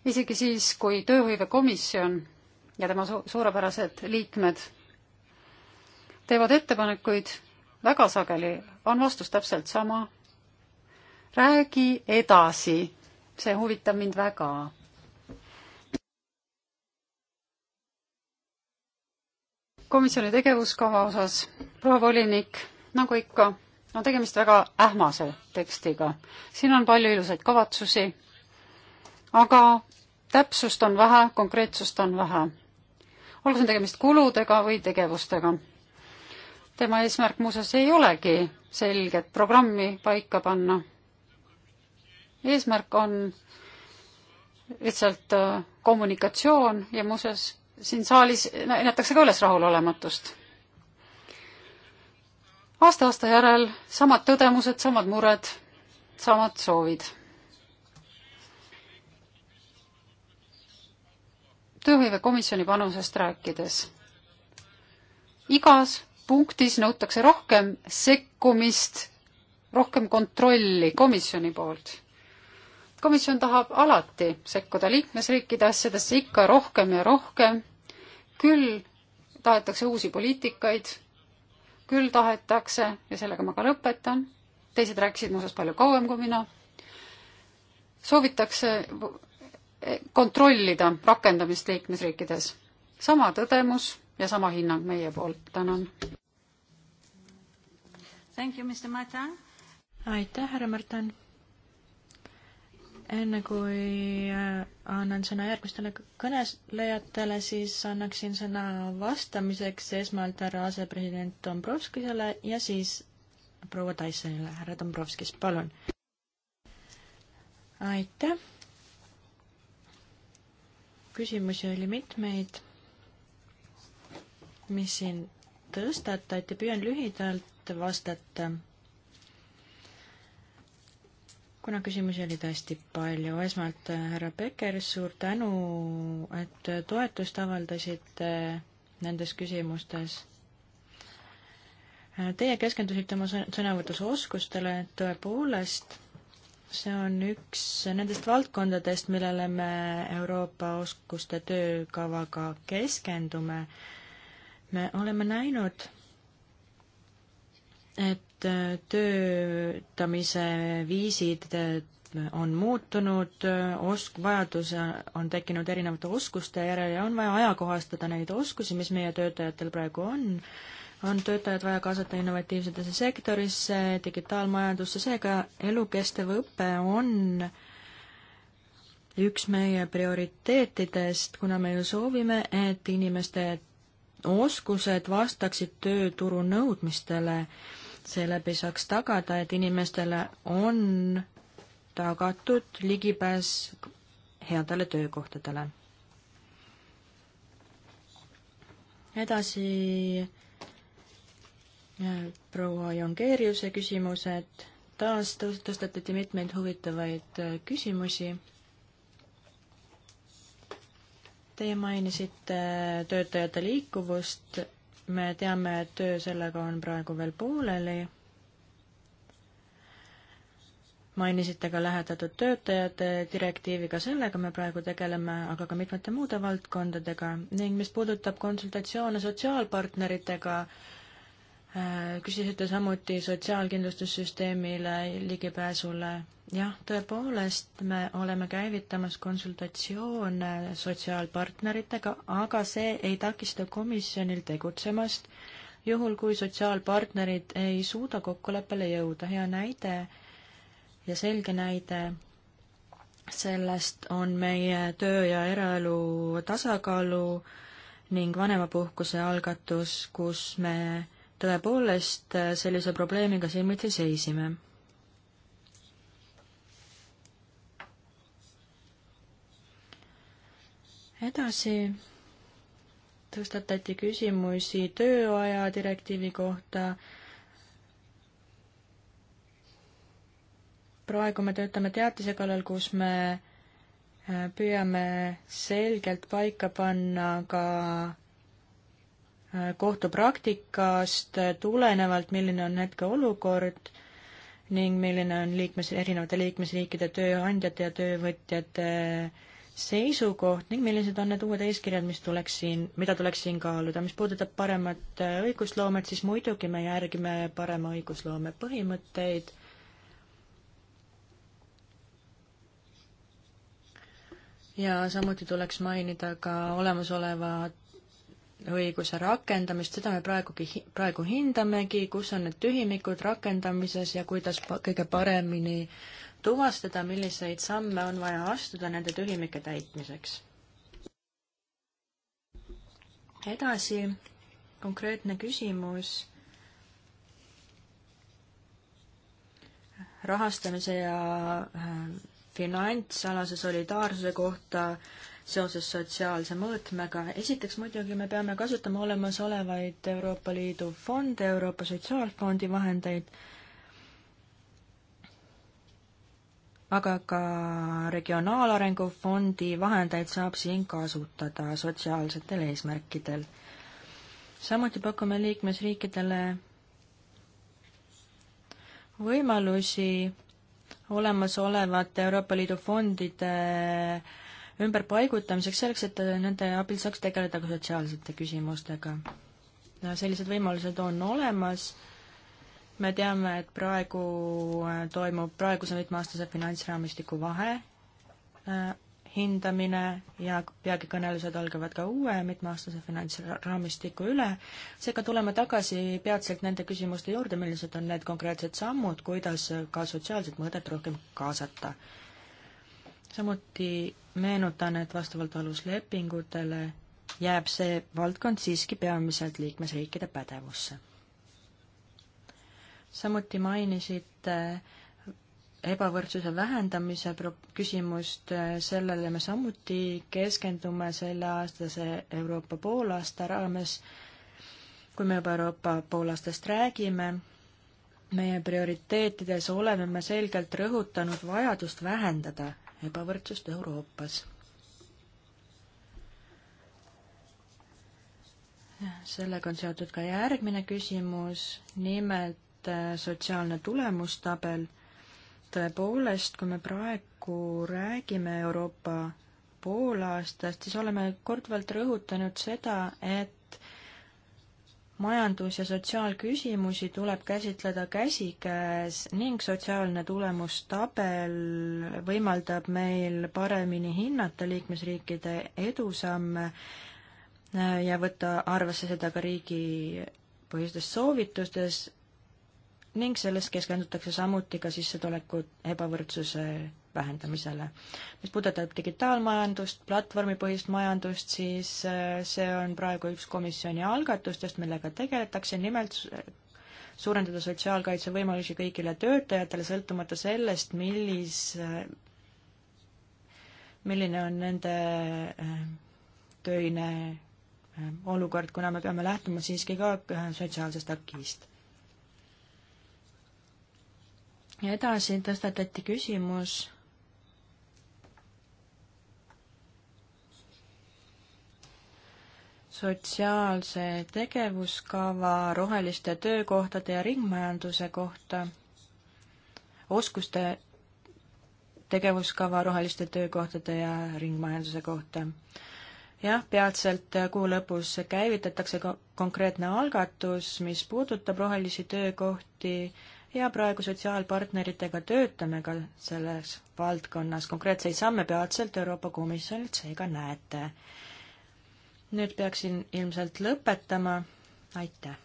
isegi siis, kui Tööhõivekomisjon ja tema su-, suurepärased liikmed teevad ettepanekuid, väga sageli on vastus täpselt sama. räägi edasi, see huvitab mind väga komisjoni tegevuskava osas, proua volinik, nagu ikka, on tegemist väga ähmase tekstiga. siin on palju ilusaid kavatsusi, aga täpsust on vähe, konkreetsust on vähe. olgu see tegemist kuludega või tegevustega. tema eesmärk muuseas ei olegi selget programmi paika panna. eesmärk on lihtsalt äh, kommunikatsioon ja muuseas siin saalis näidatakse ka üles rahulolematust. aasta aasta järel samad tõdemused, samad mured, samad soovid. tööhõive komisjoni panusest rääkides. igas punktis nõutakse rohkem sekkumist, rohkem kontrolli komisjoni poolt komisjon tahab alati sekkuda liikmesriikide asjadesse ikka rohkem ja rohkem, küll tahetakse uusi poliitikaid, küll tahetakse, ja sellega ma ka lõpetan, teised rääkisid muuseas palju kauem kui mina, soovitakse e-, kontrollida rakendamist liikmesriikides. sama tõdemus ja sama hinnang meie poolt, tänan. aitäh, härra Märten! enne kui äh, annan sõna järgmistele kõnelejatele, siis annaksin sõna vastamiseks esmalt härra asepresident Dombrovskisele ja siis proua Tysonile. härra Dombrovskis, palun. aitäh. küsimusi oli mitmeid, mis siin tõstatati, püüan lühidalt vastata kuna küsimusi oli tõesti palju, esmalt härra Peker, suur tänu, et toetust avaldasite nendes küsimustes. Teie keskendusite oma sõnavõtus oskustele, tõepoolest, see on üks nendest valdkondadest, millele me Euroopa oskuste töökavaga keskendume. me oleme näinud, et Äh, töötamise viisid äh, on muutunud, äh, osk-, vajadus on tekkinud erinevate oskuste järele ja on vaja ajakohastada neid oskusi, mis meie töötajatel praegu on. on töötajad vaja kaasata innovatiivsetesse sektorisse, digitaalmajandusse, seega elukestev õpe on üks meie prioriteetidest, kuna me ju soovime, et inimeste oskused vastaksid tööturu nõudmistele seeläbi saaks tagada, et inimestele on tagatud ligipääs headele töökohtadele. edasi äh, proua Jongeeriuse küsimused, taas tõstatati mitmeid huvitavaid äh, küsimusi. Teie mainisite töötajate liikuvust me teame, et töö sellega on praegu veel pooleli. mainisite ka lähetatud töötajate direktiiviga, sellega me praegu tegeleme, aga ka mitmete muude valdkondadega ning mis puudutab konsultatsioone sotsiaalpartneritega, Äh, küsisite samuti sotsiaalkindlustussüsteemile ligipääsule. jah, tõepoolest, me oleme käivitamas konsultatsioone sotsiaalpartneritega, aga see ei takista komisjonil tegutsemast, juhul kui sotsiaalpartnerid ei suuda kokkuleppele jõuda. hea näide ja selge näide sellest on meie töö ja eraelu tasakaalu ning vanemapuhkuse algatus, kus me tõepoolest äh, sellise probleemiga silmitsi seisime. edasi tõstatati küsimusi tööaja direktiivi kohta. praegu me töötame teatise kallal, kus me äh, püüame selgelt paika panna ka kohtupraktikast tulenevalt, milline on hetkeolukord ning milline on liikmes, erinevate liikmesriikide tööandjate ja töövõtjate seisukoht ning millised on need uued eeskirjad, mis tuleks siin, mida tuleks siin kaaluda. mis puudutab paremat õigusloomet, siis muidugi me järgime parema õigusloome põhimõtteid ja samuti tuleks mainida ka olemasolevat õiguse rakendamist, seda me praegugi, praegu hindamegi, kus on need tühimikud rakendamises ja kuidas kõige paremini tuvastada, milliseid samme on vaja astuda nende tühimike täitmiseks. edasi konkreetne küsimus rahastamise ja äh, finantsalase solidaarsuse kohta äh, seoses sotsiaalse mõõtmega. esiteks muidugi me peame kasutama olemasolevaid Euroopa Liidu fonde, Euroopa Sotsiaalfondi vahendeid, aga ka Regionaalarengu Fondi vahendeid saab siin kasutada sotsiaalsetel eesmärkidel. samuti pakume liikmesriikidele võimalusi olemasolevate Euroopa Liidu fondide ümberpaigutamiseks, selleks et äh, nende abil saaks tegeleda ka sotsiaalsete küsimustega. sellised võimalused on olemas, me teame, et praegu äh, toimub praeguse mitmeaastase finantsraamistiku vahe äh, hindamine ja peagi kõnelused algavad ka uue mitmeaastase finantsraamistiku üle, seega tuleme tagasi peatselt nende küsimuste juurde, millised on need konkreetsed sammud, kuidas ka sotsiaalset mõõdet rohkem kaasata samuti meenutan, et vastavalt aluslepingutele jääb see valdkond siiski peamiselt liikmesriikide pädevusse. samuti mainisite ebavõrdsuse vähendamise pro-, küsimust, sellele me samuti keskendume selleaastase Euroopa poolaasta raames, kui me juba Euroopa poolaastast räägime, meie prioriteetides oleme me selgelt rõhutanud vajadust vähendada ebavõrdsust Euroopas. sellega on seotud ka järgmine küsimus, nimelt äh, sotsiaalne tulemustabel. tõepoolest, kui me praegu räägime Euroopa poolaastast, siis oleme korduvalt rõhutanud seda, et majandus- ja sotsiaalküsimusi tuleb käsitleda käsikäes ning sotsiaalne tulemustabel võimaldab meil paremini hinnata liikmesriikide edusamme äh, ja võtta arvesse seda ka riigipõhistes soovitustes ning selles keskendutakse samuti ka sissetuleku ebavõrdsuse vähendamisele. mis puudutab digitaalmajandust, platvormipõhist majandust, siis äh, see on praegu üks komisjoni algatustest, millega tegeletakse, nimelt suurendada sotsiaalkaitse võimalusi kõigile töötajatele, sõltumata sellest, millis, äh, milline on nende äh, töine olukord, kuna me peame lähtuma siiski ka sotsiaalsest akiist ja edasi tõstatati küsimus sotsiaalse tegevuskava roheliste töökohtade ja ringmajanduse kohta, oskuste tegevuskava roheliste töökohtade ja ringmajanduse kohta. jah, peatselt kuu lõpus käivitatakse konkreetne algatus, mis puudutab rohelisi töökohti ja praegu sotsiaalpartneritega töötame ka selles valdkonnas. konkreetseid samme peatselt Euroopa Komisjonilt seega näete. nüüd peaksin ilmselt lõpetama, aitäh!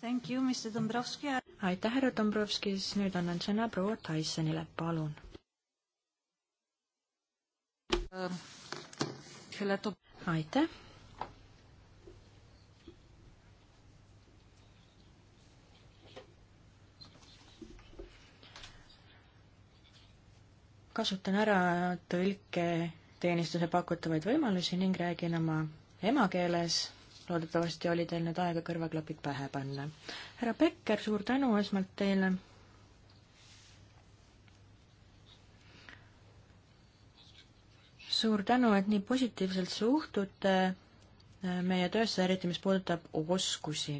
Thank you, Mr Dombrovski. aitäh, härra Dombrovskis, nüüd annan sõna proua Tysonile, palun uh,. aitäh! kasutan ära tõlketeenistuse pakutavaid võimalusi ning räägin oma emakeeles. loodetavasti oli teil nüüd aega kõrvaklapid pähe panna. härra Pekker, suur tänu esmalt teile. suur tänu, et nii positiivselt suhtute äh, meie töösse, eriti mis puudutab oskusi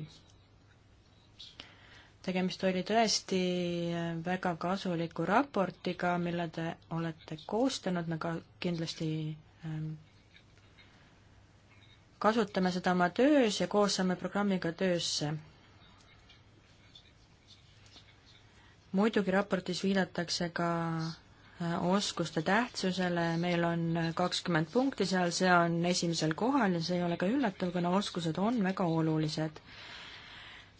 tegemist oli tõesti äh, väga kasuliku raportiga, mille te olete koostanud, me ka kindlasti ähm, kasutame seda oma töös ja koos saame programmiga töösse. muidugi raportis viidatakse ka äh, oskuste tähtsusele, meil on äh, kakskümmend punkti seal, see on esimesel kohal ja see ei ole ka üllatav, kuna oskused on väga olulised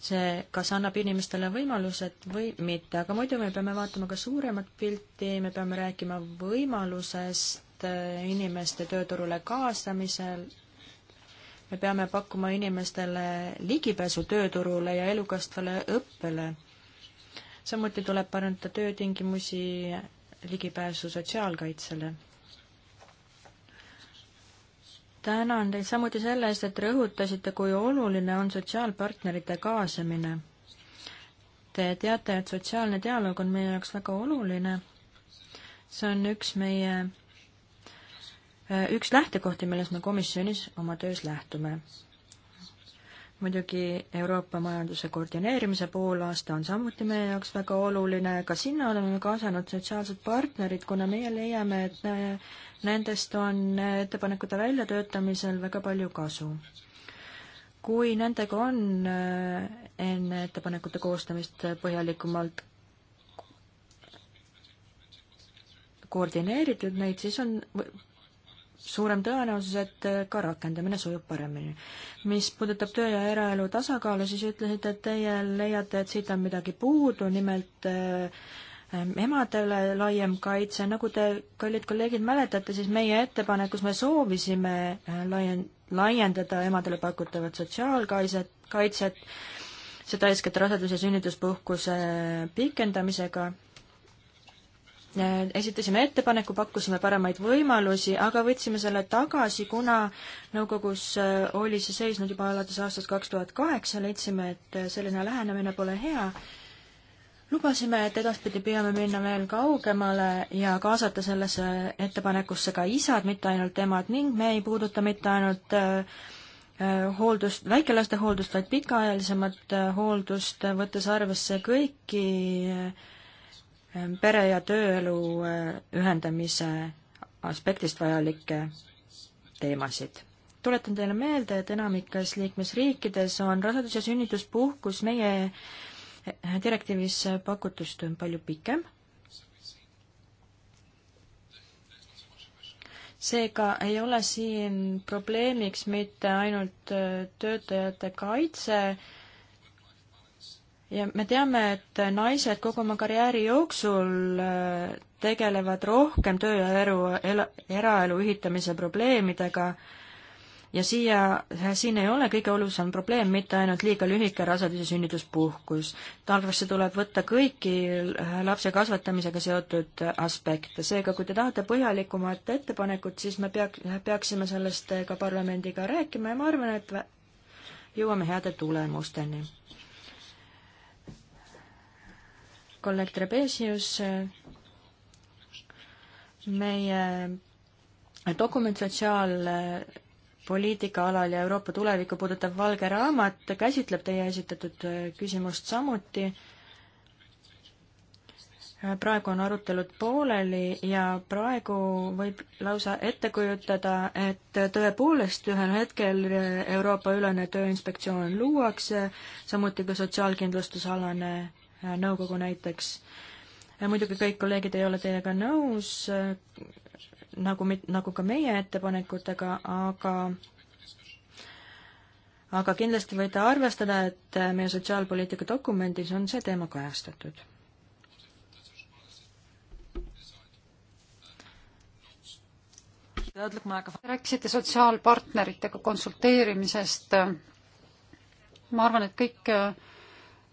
see kas annab inimestele võimalused või mitte, aga muidu me peame vaatama ka suuremat pilti, me peame rääkima võimalusest eh, inimeste tööturule kaasamisel, me peame pakkuma inimestele ligipääsu tööturule ja elukastvale õppele. samuti tuleb parandada töötingimusi, ligipääsu sotsiaalkaitsele tänan teid samuti selle eest, et rõhutasite, kui oluline on sotsiaalpartnerite kaasamine. Te teate, et sotsiaalne dialoog on meie jaoks väga oluline. see on üks meie, äh, üks lähtekohti, millest me komisjonis oma töös lähtume muidugi Euroopa majanduse koordineerimise poolaasta on samuti meie jaoks väga oluline, ka sinna oleme kaasanud sotsiaalsed partnerid, kuna meie leiame, et äh, nendest on äh, ettepanekute väljatöötamisel väga palju kasu. kui nendega on äh, enne ettepanekute koostamist põhjalikumalt koordineeritud neid, siis on suurem tõenäosus, et äh, ka rakendamine sujub paremini. mis puudutab töö ja eraelu tasakaalu, siis ütlesite, et teie leiate, et siit on midagi puudu, nimelt äh, emadele laiem kaitse, nagu te, kallid kolleegid, mäletate, siis meie ettepanekus me soovisime äh, laien-, laiendada emadele pakutavat sotsiaalkaitset, kaitset, seda eeskätt rasedus- ja sünnituspuhkuse pikendamisega Äh, esitasime ettepaneku, pakkusime paremaid võimalusi, aga võtsime selle tagasi, kuna nõukogus äh, oli see seisnud juba alates aastast kaks tuhat kaheksa, leidsime, et äh, selline lähenemine pole hea. lubasime, et edaspidi püüame minna veel kaugemale ja kaasata sellesse ettepanekusse ka isad, mitte ainult emad ning me ei puuduta mitte ainult hooldust, väikelaste hooldust, vaid pikaajalisemat hooldust, võttes arvesse kõiki äh, pere- ja tööelu äh, ühendamise aspektist vajalikke teemasid. tuletan teile meelde, et enamikes liikmesriikides on rasedus- ja sünnituspuhkus meie äh, direktiivis pakutust palju pikem. seega ei ole siin probleemiks mitte ainult äh, töötajate kaitse, ja me teame, et naised kogu oma karjääri jooksul äh, tegelevad rohkem töö ja eru, eraelu ühitamise probleemidega ja siia, siin ei ole kõige olulisem probleem mitte ainult liiga lühike rasedus- ja sünnituspuhkus. tarvesse tuleb võtta kõiki lapse kasvatamisega seotud aspekte, seega kui te tahate põhjalikumat ettepanekut, siis me peaks, peaksime sellest ka parlamendiga rääkima ja ma arvan, et jõuame heade tulemusteni kolleeg Trebesius, meie dokument sotsiaalpoliitika alal ja Euroopa tulevikku puudutav valge raamat käsitleb teie esitatud küsimust samuti. praegu on arutelud pooleli ja praegu võib lausa ette kujutada, et tõepoolest ühel hetkel Euroopa-ülene tööinspektsioon luuakse, samuti ka sotsiaalkindlustusalane nõukogu näiteks. muidugi kõik kolleegid ei ole teiega nõus, nagu, nagu ka meie ettepanekutega, aga aga kindlasti võite arvestada, et meie sotsiaalpoliitika dokumendis on see teema kajastatud. rääkisite sotsiaalpartneritega konsulteerimisest. ma arvan, et kõik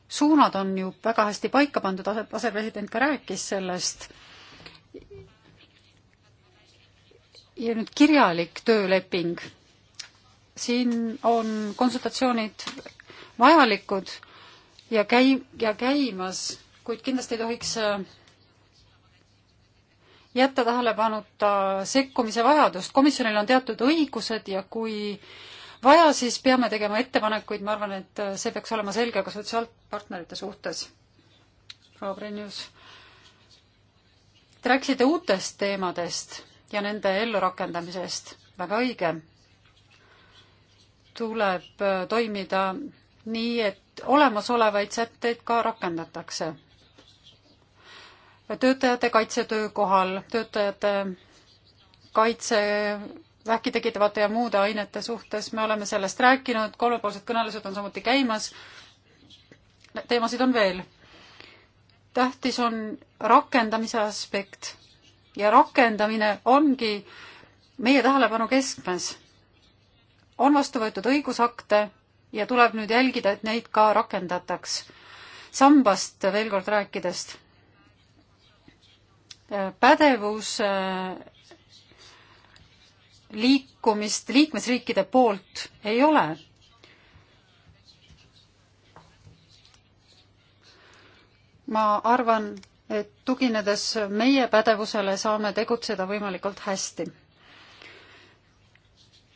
suunad on ju väga hästi paika pandud, asepresident ka rääkis sellest. ja nüüd kirjalik tööleping. siin on konsultatsioonid vajalikud ja käi-, ja käimas, kuid kindlasti ei tohiks äh, jätta tähelepanuta sekkumise vajadust. komisjonil on teatud õigused ja kui äh, vaja, siis peame tegema ettepanekuid, ma arvan, et see peaks olema selge ka sotsiaalpartnerite suhtes. proua Brenius, te rääkisite uutest teemadest ja nende ellurakendamisest, väga õige. tuleb äh, toimida nii, et olemasolevaid sätteid ka rakendatakse. töötajate kaitse töökohal, töötajate kaitse vähki tekitavate ja muude ainete suhtes, me oleme sellest rääkinud, kolmepoolsed kõnelused on samuti käimas. teemasid on veel. tähtis on rakendamise aspekt ja rakendamine ongi meie tähelepanu keskmes. on vastu võetud õigusakte ja tuleb nüüd jälgida, et neid ka rakendataks. sambast veel kord rääkides. pädevus liikumist liikmesriikide poolt ei ole. ma arvan, et tuginedes meie pädevusele saame tegutseda võimalikult hästi.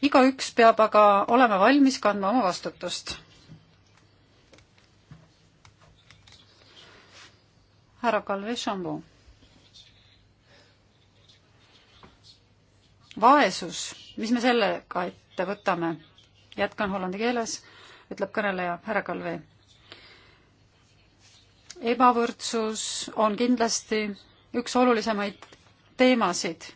igaüks peab aga olema valmis kandma oma vastutust. härra Kalvi Šambu vaesus, mis me sellega ette võtame? jätkan hollandi keeles, ütleb kõneleja härra Kalve. ebavõrdsus on kindlasti üks olulisemaid teemasid.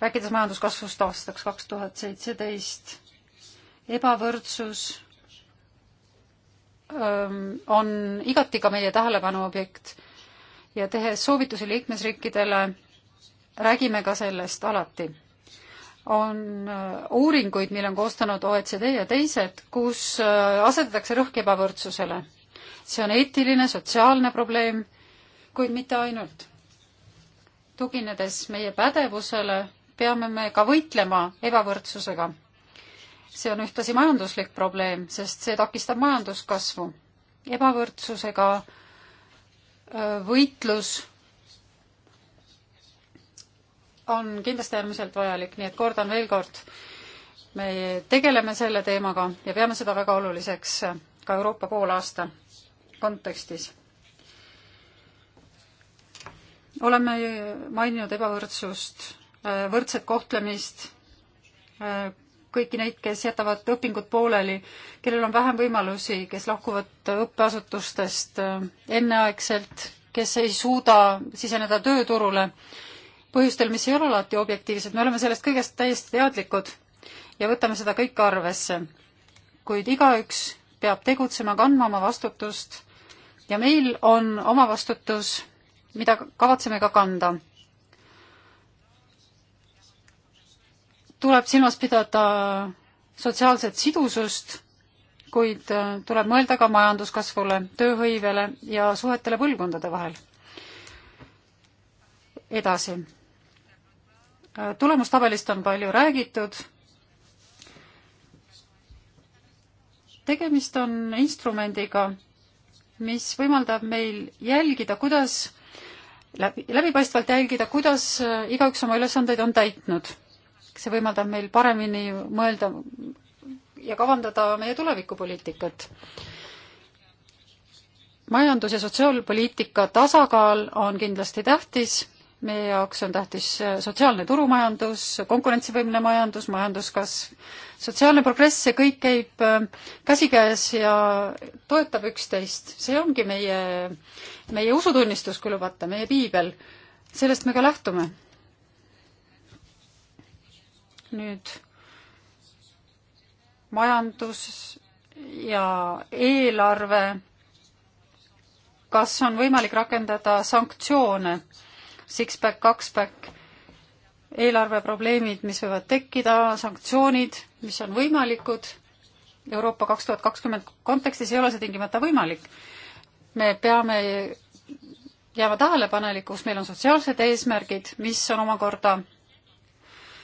rääkides majanduskasvust aastaks kaks tuhat seitseteist, ebavõrdsus on igati ka meie tähelepanu objekt ja tehes soovitusi liikmesriikidele räägime ka sellest alati. on äh, uuringuid, mille on koostanud OECD ja teised, kus äh, asetatakse rõhk ebavõrdsusele. see on eetiline, sotsiaalne probleem, kuid mitte ainult. tuginedes meie pädevusele, peame me ka võitlema ebavõrdsusega. see on ühtlasi majanduslik probleem, sest see takistab majanduskasvu. ebavõrdsusega äh, võitlus on kindlasti äärmiselt vajalik, nii et kordan veel kord, me tegeleme selle teemaga ja peame seda väga oluliseks ka Euroopa poolaasta kontekstis. oleme maininud ebavõrdsust, võrdset kohtlemist, kõiki neid, kes jätavad õpingud pooleli, kellel on vähem võimalusi, kes lahkuvad õppeasutustest enneaegselt, kes ei suuda siseneda tööturule põhjustel, mis ei ole alati objektiivsed, me oleme sellest kõigest täiesti teadlikud ja võtame seda kõike arvesse. kuid igaüks peab tegutsema, kandma oma vastutust ja meil on oma vastutus, mida kavatseme ka kanda. tuleb silmas pidada sotsiaalset sidusust, kuid tuleb mõelda ka majanduskasvule, tööhõivele ja suhetele põlvkondade vahel. edasi tulemustabelist on palju räägitud. tegemist on instrumendiga, mis võimaldab meil jälgida, kuidas, läbi, läbipaistvalt jälgida, kuidas äh, igaüks oma ülesandeid on täitnud. see võimaldab meil paremini mõelda ja kavandada meie tulevikupoliitikat. majandus- ja sotsiaalpoliitika tasakaal on kindlasti tähtis meie jaoks on tähtis äh, sotsiaalne turumajandus, konkurentsivõimeline majandus, majanduskasv, sotsiaalne progress, see kõik käib äh, käsikäes ja toetab üksteist. see ongi meie, meie usutunnistus, kui lubate, meie piibel. sellest me ka lähtume. nüüd majandus ja eelarve, kas on võimalik rakendada sanktsioone six-pack, kaks-pack, eelarveprobleemid, mis võivad tekkida, sanktsioonid, mis on võimalikud, Euroopa kaks tuhat kakskümmend kontekstis ei ole see tingimata võimalik. me peame jääma tähelepanelikuks, meil on sotsiaalsed eesmärgid, mis on omakorda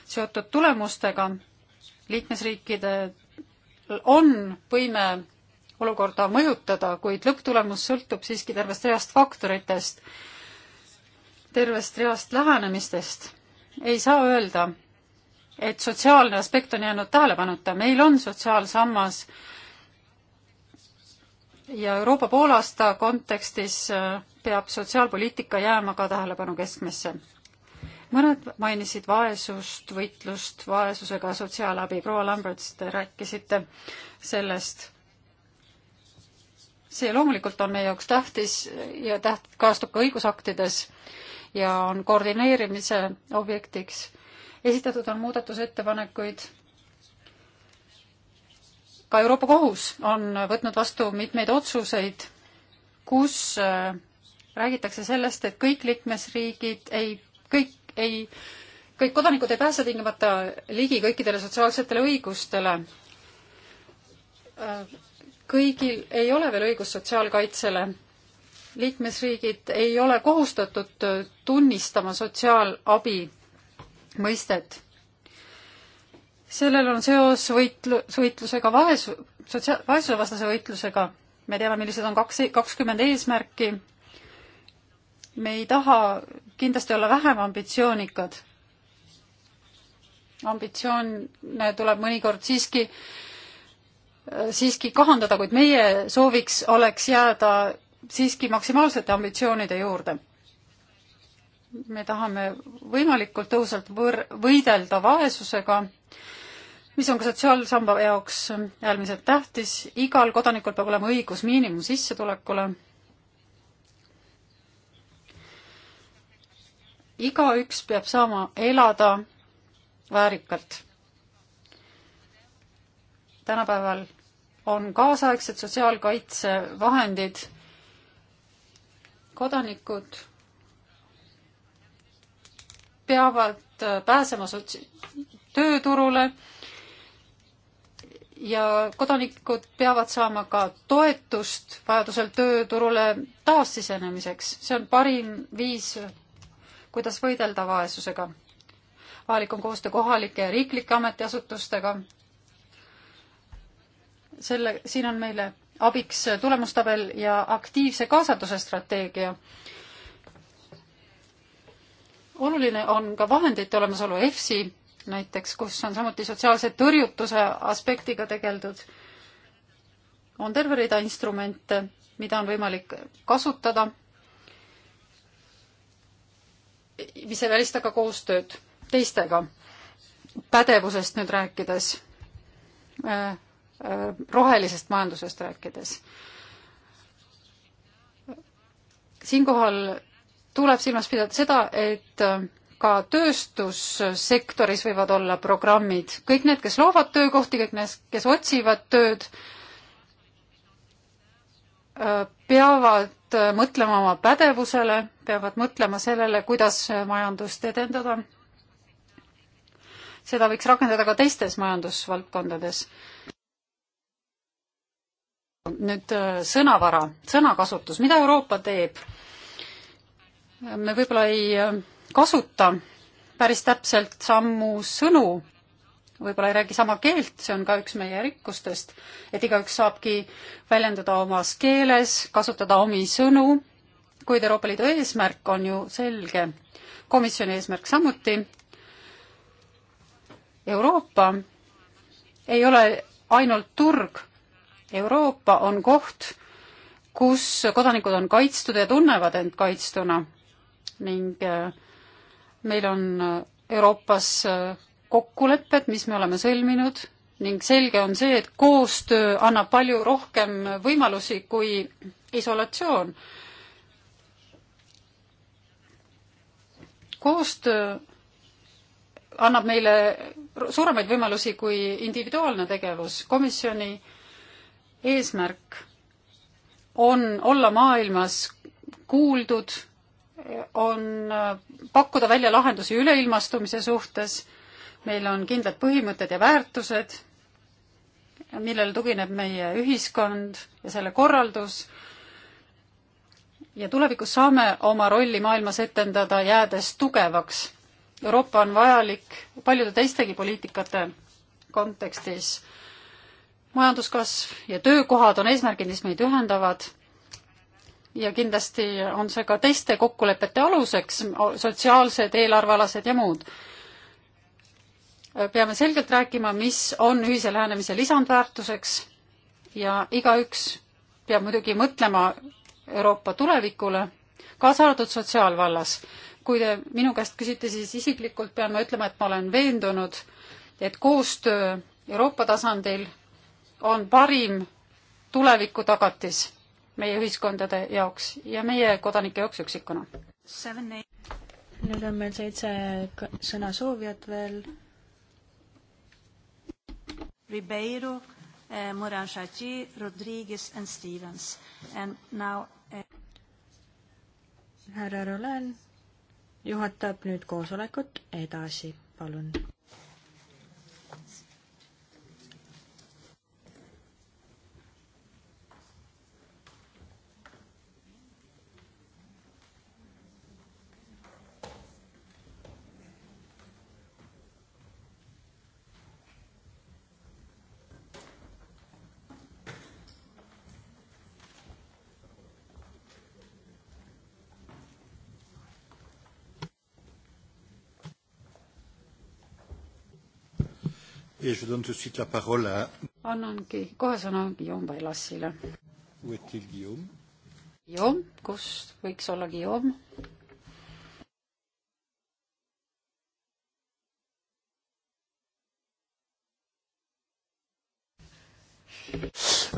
seotud tulemustega, liikmesriikide on võime olukorda mõjutada, kuid lõpptulemus sõltub siiski tervest reast faktoritest tervest reast lähenemistest ei saa öelda, et sotsiaalne aspekt on jäänud tähelepanuta, meil on sotsiaalsammas ja Euroopa poolaasta kontekstis äh, peab sotsiaalpoliitika jääma ka tähelepanu keskmesse. mõned mainisid vaesust, võitlust vaesusega, sotsiaalabi, proua Lamberts, te rääkisite sellest. see loomulikult on meie jaoks tähtis ja täht-, kajastub ka õigusaktides ja on koordineerimise objektiks. esitatud on muudatusettepanekuid. ka Euroopa Kohus on võtnud vastu mitmeid otsuseid, kus äh, räägitakse sellest, et kõik liikmesriigid ei, kõik ei, kõik kodanikud ei pääse tingimata ligi kõikidele sotsiaalsetele õigustele äh, kõigil ei ole veel õigust sotsiaalkaitsele liikmesriigid ei ole kohustatud tunnistama sotsiaalabi mõistet. sellel on seos võitlu-, võitlusega vaesu-, sotsiaal-, vaesusevastase võitlusega. me teame, millised on kaks, e-, kakskümmend eesmärki. me ei taha kindlasti olla vähem ambitsioonikad. ambitsioone tuleb mõnikord siiski, siiski kahandada, kuid meie sooviks oleks jääda siiski maksimaalsete ambitsioonide juurde. me tahame võimalikult tõhusalt võr-, võidelda vaesusega, mis on ka sotsiaalsamba jaoks äärmiselt tähtis, igal kodanikul peab olema õigus miinimumsissetulekule, igaüks peab saama elada väärikalt. tänapäeval on kaasaegsed sotsiaalkaitsevahendid kodanikud peavad äh, pääsema sots-, tööturule ja kodanikud peavad saama ka toetust vajadusel tööturule taassisenemiseks. see on parim viis, kuidas võidelda vaesusega. vajalik on koostöö kohalike ja riiklike ametiasutustega. selle, siin on meile abiks tulemustabel ja aktiivse kaasatuse strateegia. oluline on ka vahendite olemasolu EFSI näiteks, kus on samuti sotsiaalse tõrjutuse aspektiga tegeldud. on terve rida instrumente, mida on võimalik kasutada, mis ei välista ka koostööd teistega. pädevusest nüüd rääkides äh, Äh, rohelisest majandusest rääkides. siinkohal tuleb silmas pidada seda, et äh, ka tööstussektoris võivad olla programmid, kõik need, kes loovad töökohti, kõik need, kes otsivad tööd, äh, peavad mõtlema oma pädevusele, peavad mõtlema sellele, kuidas majandust edendada. seda võiks rakendada ka teistes majandusvaldkondades nüüd äh, sõnavara, sõnakasutus, mida Euroopa teeb? me võib-olla ei äh, kasuta päris täpselt samu sõnu, võib-olla ei räägi sama keelt, see on ka üks meie rikkustest, et igaüks saabki väljenduda omas keeles, kasutada omi sõnu, kuid Euroopa Liidu eesmärk on ju selge, komisjoni eesmärk samuti. Euroopa ei ole ainult turg Euroopa on koht, kus kodanikud on kaitstud ja tunnevad end kaitstuna ning äh, meil on äh, Euroopas äh, kokkulepped, mis me oleme sõlminud ning selge on see, et koostöö annab palju rohkem võimalusi kui isolatsioon. koostöö annab meile suuremaid võimalusi kui individuaalne tegevus. komisjoni äh, eesmärk on olla maailmas kuuldud, on äh, pakkuda välja lahendusi üleilmastumise suhtes, meil on kindlad põhimõtted ja väärtused, millele tugineb meie ühiskond ja selle korraldus, ja tulevikus saame oma rolli maailmas etendada, jäädes tugevaks. Euroopa on vajalik paljude teistegi poliitikate kontekstis majanduskasv ja töökohad on eesmärgid, mis meid ühendavad ja kindlasti on see ka teiste kokkulepete aluseks, sotsiaalsed, eelarvealased ja muud. peame selgelt rääkima, mis on ühise lähenemise lisandväärtuseks ja igaüks peab muidugi mõtlema Euroopa tulevikule, kaasa arvatud sotsiaalvallas. kui te minu käest küsite, siis isiklikult pean ma ütlema, et ma olen veendunud, et koostöö Euroopa tasandil on parim tulevikutagatis meie ühiskondade jaoks ja meie kodanike jaoks üksikuna. nüüd on meil seitse sõnasoovijat veel. Ribeiro eh,, Moran Shadji, Rodriguez and Stevens and now eh... härra Rolen juhatab nüüd koosolekut edasi, palun annangi kohe sõna Guillaume Bailassile. Guillaume, kus võiks olla Guillaume?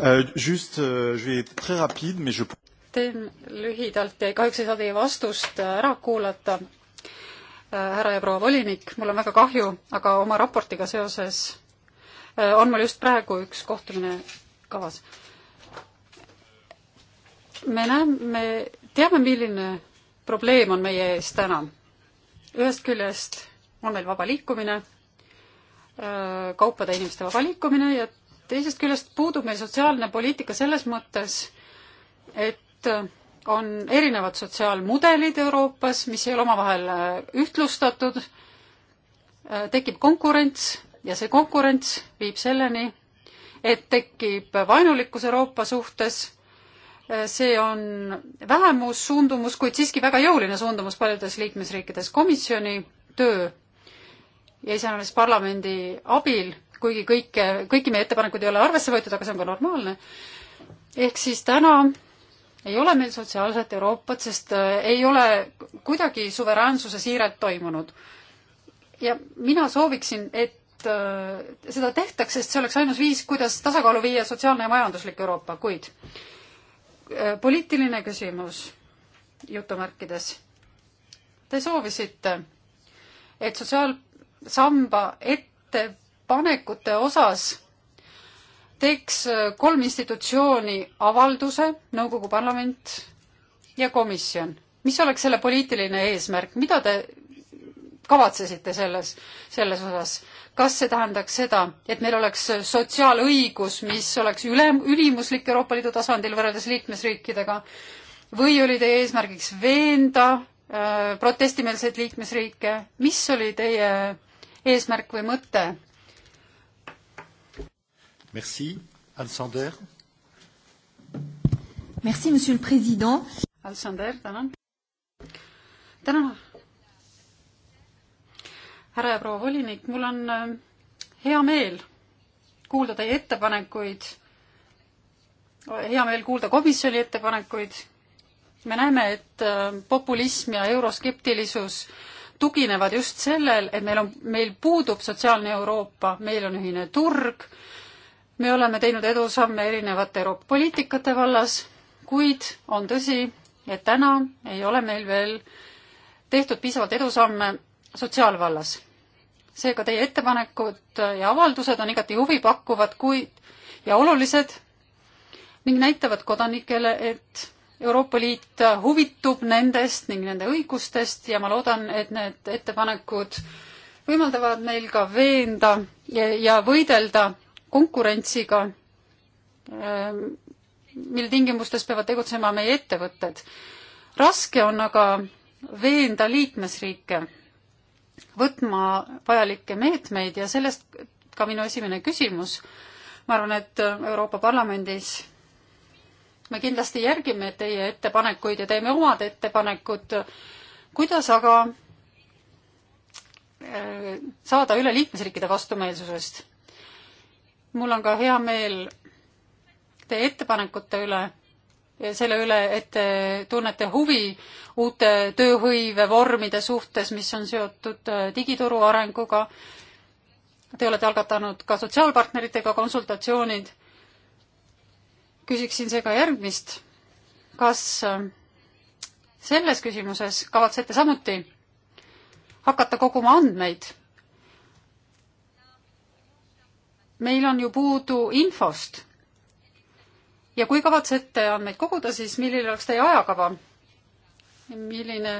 Euh, juste, euh, je vais être très rapide, mais je... teen lühidalt ja kahjuks ei saa teie vastust ära kuulata, Äh, härra ja proua volinik, mul on väga kahju, aga oma raportiga seoses äh, on mul just praegu üks kohtumine kavas. me näeme, me teame, milline probleem on meie ees täna. ühest küljest on meil vaba liikumine, äh, kaupade ja inimeste vaba liikumine ja teisest küljest puudub meil sotsiaalne poliitika selles mõttes, et on erinevad sotsiaalmudelid Euroopas, mis ei ole omavahel äh, ühtlustatud, äh, tekib konkurents ja see konkurents viib selleni, et tekib vaenulikkus Euroopa suhtes, äh, see on vähemussuundumus, kuid siiski väga jõuline suundumus paljudes liikmesriikides. komisjoni töö ja iseenesest parlamendi abil, kuigi kõike, kõiki meie ettepanekuid ei ole arvesse võetud, aga see on ka normaalne, ehk siis täna ei ole meil sotsiaalset Euroopat, sest äh, ei ole kuidagi suveräänsuse siiret toimunud. ja mina sooviksin, et äh, seda tehtaks, sest see oleks ainus viis, kuidas tasakaalu viia sotsiaalne ja majanduslik Euroopa, kuid äh, poliitiline küsimus jutumärkides. Te soovisite, et sotsiaalsamba ettepanekute osas teeks äh, kolm institutsiooni avalduse, nõukogu parlament ja komisjon. mis oleks selle poliitiline eesmärk, mida te kavatsesite selles, selles osas? kas see tähendaks seda, et meil oleks sotsiaalõigus, mis oleks üle, ülimuslik Euroopa Liidu tasandil võrreldes liikmesriikidega või oli teie eesmärgiks veenda öö, äh, protestimeelseid liikmesriike, mis oli teie eesmärk või mõte Merci. Anne Sander. Merci, Monsieur le Président. Anne Sander, tänan. tänan. härra ja proua volinik, mul on äh, hea meel kuulda teie ettepanekuid, hea meel kuulda komisjoni ettepanekuid. me näeme, et äh, populism ja euroskeptilisus tuginevad just sellel, et meil on, meil puudub sotsiaalne Euroopa, meil on ühine turg me oleme teinud edusamme erinevate Euroopa poliitikate vallas, kuid on tõsi, et täna ei ole meil veel tehtud piisavalt edusamme sotsiaalvallas. seega teie ettepanekud ja avaldused on igati huvipakkuvad, kuid ja olulised ning näitavad kodanikele, et Euroopa Liit huvitub nendest ning nende õigustest ja ma loodan, et need ettepanekud võimaldavad meil ka veenda ja, ja võidelda konkurentsiga, ähm, mille tingimustes peavad tegutsema meie ettevõtted. raske on aga veenda liikmesriike võtma vajalikke meetmeid ja sellest ka minu esimene küsimus. ma arvan, et Euroopa Parlamendis me kindlasti järgime teie ettepanekuid ja teeme omad ettepanekud. kuidas aga äh, saada üle liikmesriikide vastumeelsusest? mul on ka hea meel teie ettepanekute üle ja selle üle, et te tunnete huvi uute tööhõivevormide suhtes, mis on seotud äh, digituru arenguga. Te olete algatanud ka sotsiaalpartneritega konsultatsioonid. küsiksin seega järgmist. kas äh, selles küsimuses kavatsete samuti hakata koguma andmeid meil on ju puudu infost. ja kui kavatsete andmeid koguda, siis milline oleks teie ajakava? milline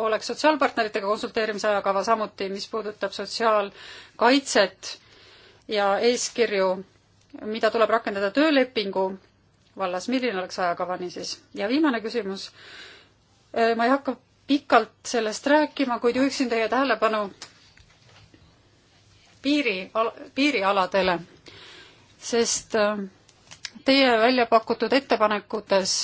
oleks sotsiaalpartneritega konsulteerimise ajakava samuti, mis puudutab sotsiaalkaitset ja eeskirju, mida tuleb rakendada töölepingu vallas, milline oleks ajakava niisiis? ja viimane küsimus, äh, ma ei hakka pikalt sellest rääkima, kuid juhiksin teie tähelepanu piiri, piirialadele, sest äh, teie välja pakutud ettepanekutes,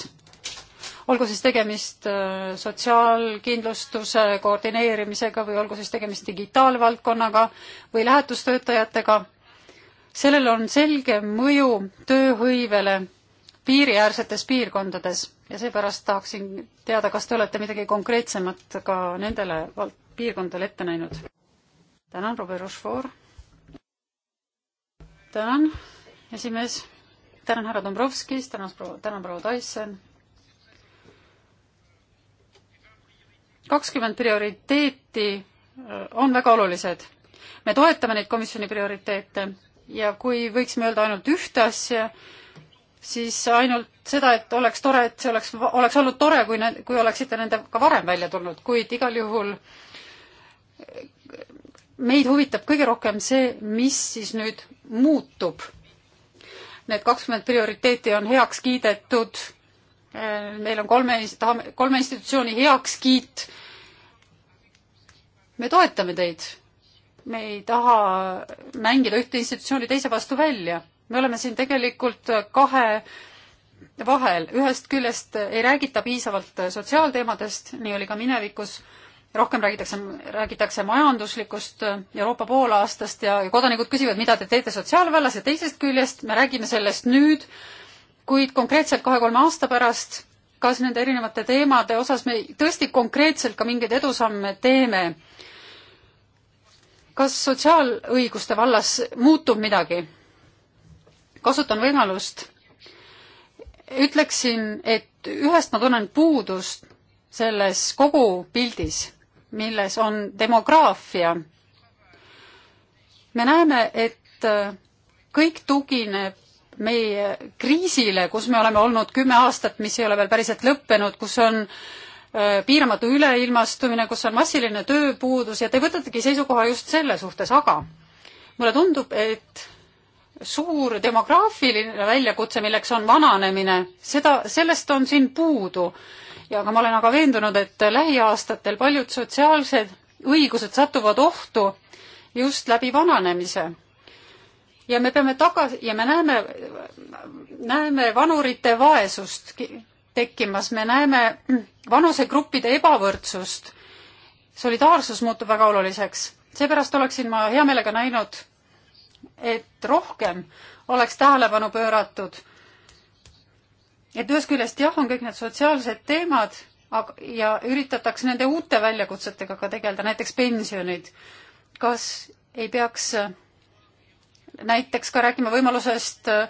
olgu siis tegemist äh, sotsiaalkindlustuse koordineerimisega või olgu siis tegemist digitaalvaldkonnaga või lähetustöötajatega, sellel on selge mõju tööhõivele piiriäärsetes piirkondades ja seepärast tahaksin teada, kas te olete midagi konkreetsemat ka nendele piirkondadele ette näinud. tänan, Robert Rochefort tänan, esimees, tänan härra Dombrovskis, tänan proua, tänan proua Tyson. kakskümmend prioriteeti äh, on väga olulised. me toetame neid komisjoni prioriteete ja kui võiksime öelda ainult ühte asja, siis ainult seda, et oleks tore, et see oleks, oleks olnud tore, kui, kui oleksite nendega varem välja tulnud, kuid igal juhul meid huvitab kõige rohkem see, mis siis nüüd muutub. Need kakskümmend prioriteeti on heaks kiidetud, meil on kolme, kolme institutsiooni heakskiit. me toetame teid, me ei taha mängida ühte institutsiooni teise vastu välja. me oleme siin tegelikult kahe vahel, ühest küljest ei räägita piisavalt sotsiaalteemadest, nii oli ka minevikus rohkem räägitakse, räägitakse majanduslikust äh, Euroopa poolaastast ja, ja kodanikud küsivad, mida te teete sotsiaalvallas ja teisest küljest me räägime sellest nüüd, kuid konkreetselt kahe-kolme aasta pärast, kas nende erinevate teemade osas me tõesti konkreetselt ka mingeid edusamme teeme? kas sotsiaalõiguste vallas muutub midagi? kasutan võimalust, ütleksin, et ühest ma tunnen puudust selles kogu pildis milles on demograafia. me näeme, et äh, kõik tugineb meie kriisile, kus me oleme olnud kümme aastat, mis ei ole veel päriselt lõppenud, kus on äh, piiramatu üleilmastumine, kus on massiline tööpuudus ja te võtategi seisukoha just selle suhtes, aga mulle tundub, et suur demograafiline väljakutse, milleks on vananemine, seda, sellest on siin puudu ja aga ma olen aga veendunud, et lähiaastatel paljud sotsiaalsed õigused satuvad ohtu just läbi vananemise. ja me peame tagasi ja me näeme, näeme vanurite vaesust tekkimas, me näeme vanusegruppide ebavõrdsust. solidaarsus muutub väga oluliseks, seepärast oleksin ma hea meelega näinud, et rohkem oleks tähelepanu pööratud et ühest küljest jah, on kõik need sotsiaalsed teemad, aga, ja üritatakse nende uute väljakutsetega ka tegeleda, näiteks pensionid. kas ei peaks äh, näiteks ka rääkima võimalusest äh,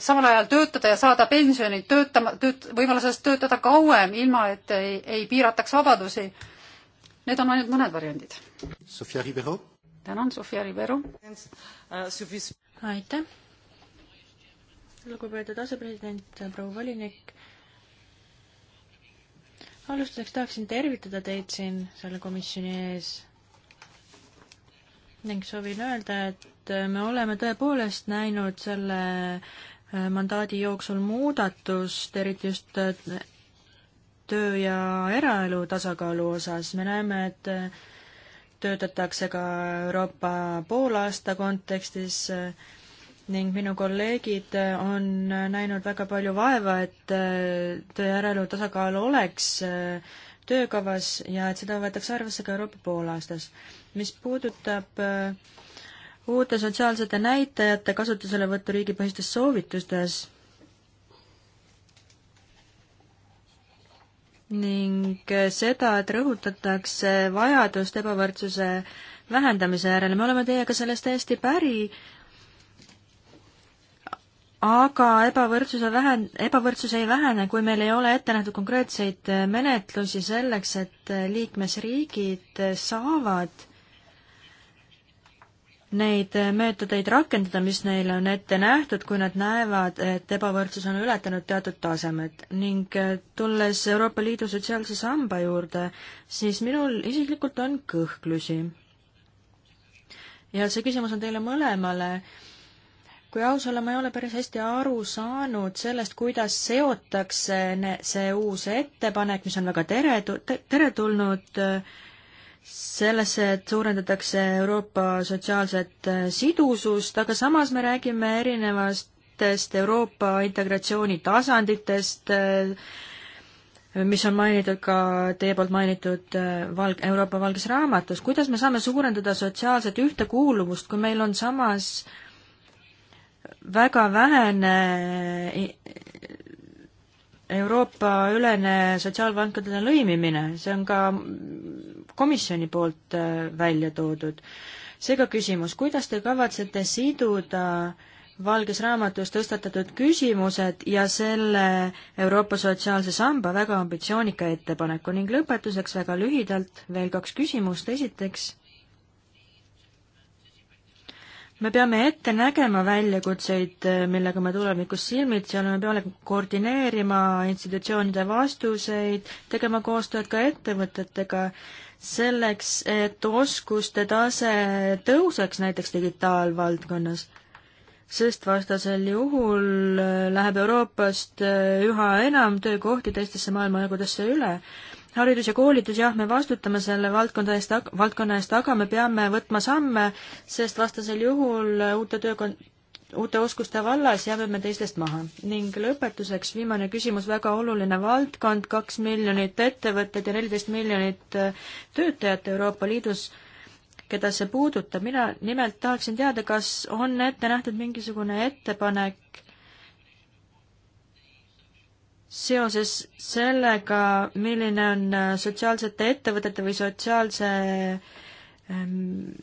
samal ajal töötada ja saada pensioni, töötama, tööt-, võimalusest töötada kauem, ilma et ei, ei piirataks vabadusi. Need on ainult mõned variandid. Sofia Ribeiro. tänan, Sofia Ribeiro. aitäh lugupeetud asepresident, proua volinik. alustuseks tahaksin tervitada teid siin selle komisjoni ees ning soovin öelda, et me oleme tõepoolest näinud selle äh, mandaadi jooksul muudatust, eriti just äh, töö ja eraelu tasakaalu osas, me näeme, et äh, töötatakse ka Euroopa poolaasta kontekstis äh, ning minu kolleegid äh, on äh, näinud väga palju vaeva, et äh, töö järelu tasakaal oleks töökavas ja et seda võetakse arvesse ka Euroopa poolaastas. mis puudutab uute sotsiaalsete näitajate kasutuselevõttu riigipõhistes soovitustes ning seda, et rõhutatakse vajadust ebavõrdsuse vähendamise järele, me oleme teiega sellest täiesti päri aga ebavõrdsuse vähen-, ebavõrdsus ei vähene, kui meil ei ole ette nähtud konkreetseid äh, menetlusi selleks, et äh, liikmesriigid äh, saavad neid meetodeid rakendada, mis neile on ette nähtud, kui nad näevad, et ebavõrdsus on ületanud teatud tasemed. ning tulles Euroopa Liidu sotsiaalse samba juurde, siis minul isiklikult on kõhklusi. ja see küsimus on teile mõlemale äh, kui aus olla, ma ei ole päris hästi aru saanud sellest, kuidas seotakse see uus ettepanek, mis on väga tere, teretulnud, sellesse, et suurendatakse Euroopa sotsiaalset äh, sidusust, aga samas me räägime erinevatest Euroopa integratsiooni tasanditest, äh, mis on mainitud ka teie poolt mainitud äh, valg-, Euroopa Valges Raamatus, kuidas me saame suurendada sotsiaalset ühtekuuluvust, kui meil on samas äh, väga vähene Euroopa-ülene sotsiaalvaldkondade lõimimine, see on ka komisjoni poolt äh, välja toodud. seega küsimus, kuidas te kavatsete siduda valges raamatus tõstatatud küsimused ja selle Euroopa sotsiaalse samba väga ambitsioonika ettepaneku ning lõpetuseks väga lühidalt veel kaks küsimust, esiteks me peame ette nägema väljakutseid, eh, millega me tulevikus silmitsi oleme, peame koordineerima institutsioonide vastuseid, tegema koostööd ka ettevõtetega, selleks, et oskuste tase tõuseks näiteks digitaalvaldkonnas. sest vastasel juhul eh, läheb Euroopast eh, üha enam töökohti teistesse maailmajagudesse üle haridus ja koolitus, jah, me vastutame selle valdkonda eest, valdkonna eest, aga me peame võtma samme, sest vastasel juhul uute töökon-, uute oskuste vallas jääme me teistest maha. ning lõpetuseks viimane küsimus, väga oluline valdkond, kaks miljonit ettevõtted ja neliteist miljonit äh, töötajat Euroopa Liidus, keda see puudutab, mina nimelt tahaksin teada, kas on ette nähtud mingisugune ettepanek seoses sellega, milline on äh, sotsiaalsete ettevõtete või sotsiaalse ähm,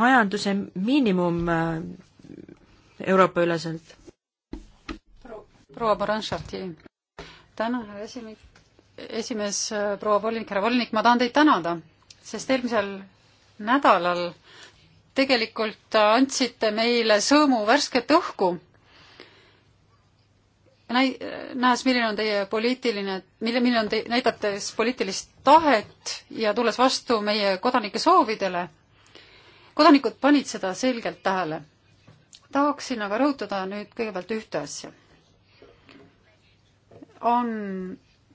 majanduse miinimum äh, Euroopa üleselt Pro,? proua Baranšati, tänan, esimik, esimees äh, proua volinik, härra volinik, ma tahan teid tänada, sest eelmisel nädalal tegelikult andsite meile sõõmu värsket õhku näi-, nähes, milline on teie poliitiline, mille, milline on te-, näidates poliitilist tahet ja tulles vastu meie kodanike soovidele, kodanikud panid seda selgelt tähele. tahaksin aga rõhutada nüüd kõigepealt ühte asja. on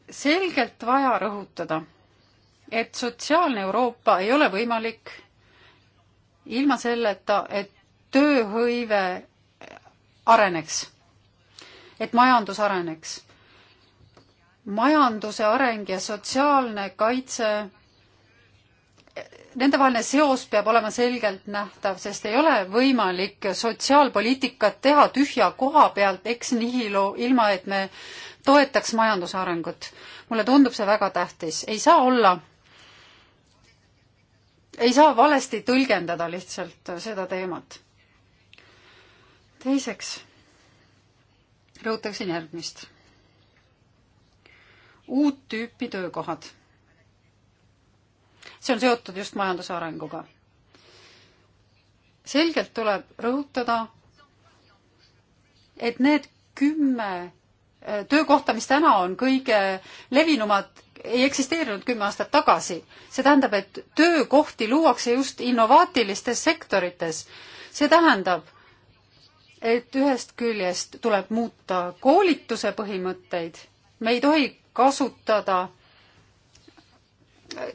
selgelt vaja rõhutada, et sotsiaalne Euroopa ei ole võimalik ilma selleta, et tööhõive areneks et majandus areneks. majanduse areng ja sotsiaalne kaitse, nendevaheline seos peab olema selgelt nähtav, sest ei ole võimalik sotsiaalpoliitikat teha tühja koha pealt ex nihilo, ilma et me toetaks majanduse arengut. mulle tundub see väga tähtis, ei saa olla ei saa valesti tõlgendada lihtsalt seda teemat. teiseks, rõhutaksin järgmist. uut tüüpi töökohad. see on seotud just majanduse arenguga. selgelt tuleb rõhutada, et need kümme äh, töökohta, mis täna on kõige levinumad, ei eksisteerinud kümme aastat tagasi. see tähendab, et töökohti luuakse just innovaatilistes sektorites. see tähendab, et ühest küljest tuleb muuta koolituse põhimõtteid, me ei tohi kasutada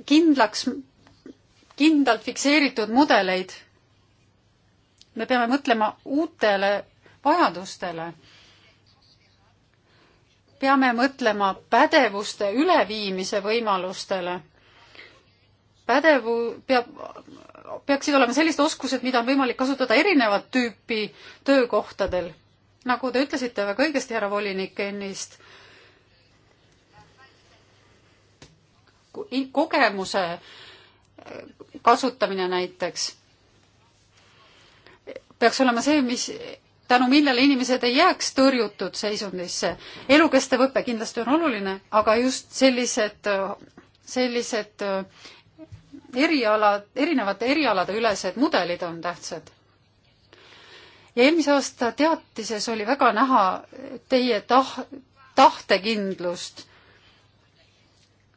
kindlaks, kindlalt fikseeritud mudeleid. me peame mõtlema uutele vajadustele. peame mõtlema pädevuste üleviimise võimalustele. pädevu, peab peaksid olema sellised oskused, mida on võimalik kasutada erinevat tüüpi töökohtadel. nagu te ütlesite väga õigesti, härra volinik, ennist, kogemuse äh, kasutamine näiteks peaks olema see, mis, tänu millele inimesed ei jääks tõrjutud seisundisse. elukestev õpe kindlasti on oluline, aga just sellised, sellised äh, erialad, erinevate erialade ülesed mudelid on tähtsad. ja eelmise aasta teatises oli väga näha teie tah-, tahtekindlust.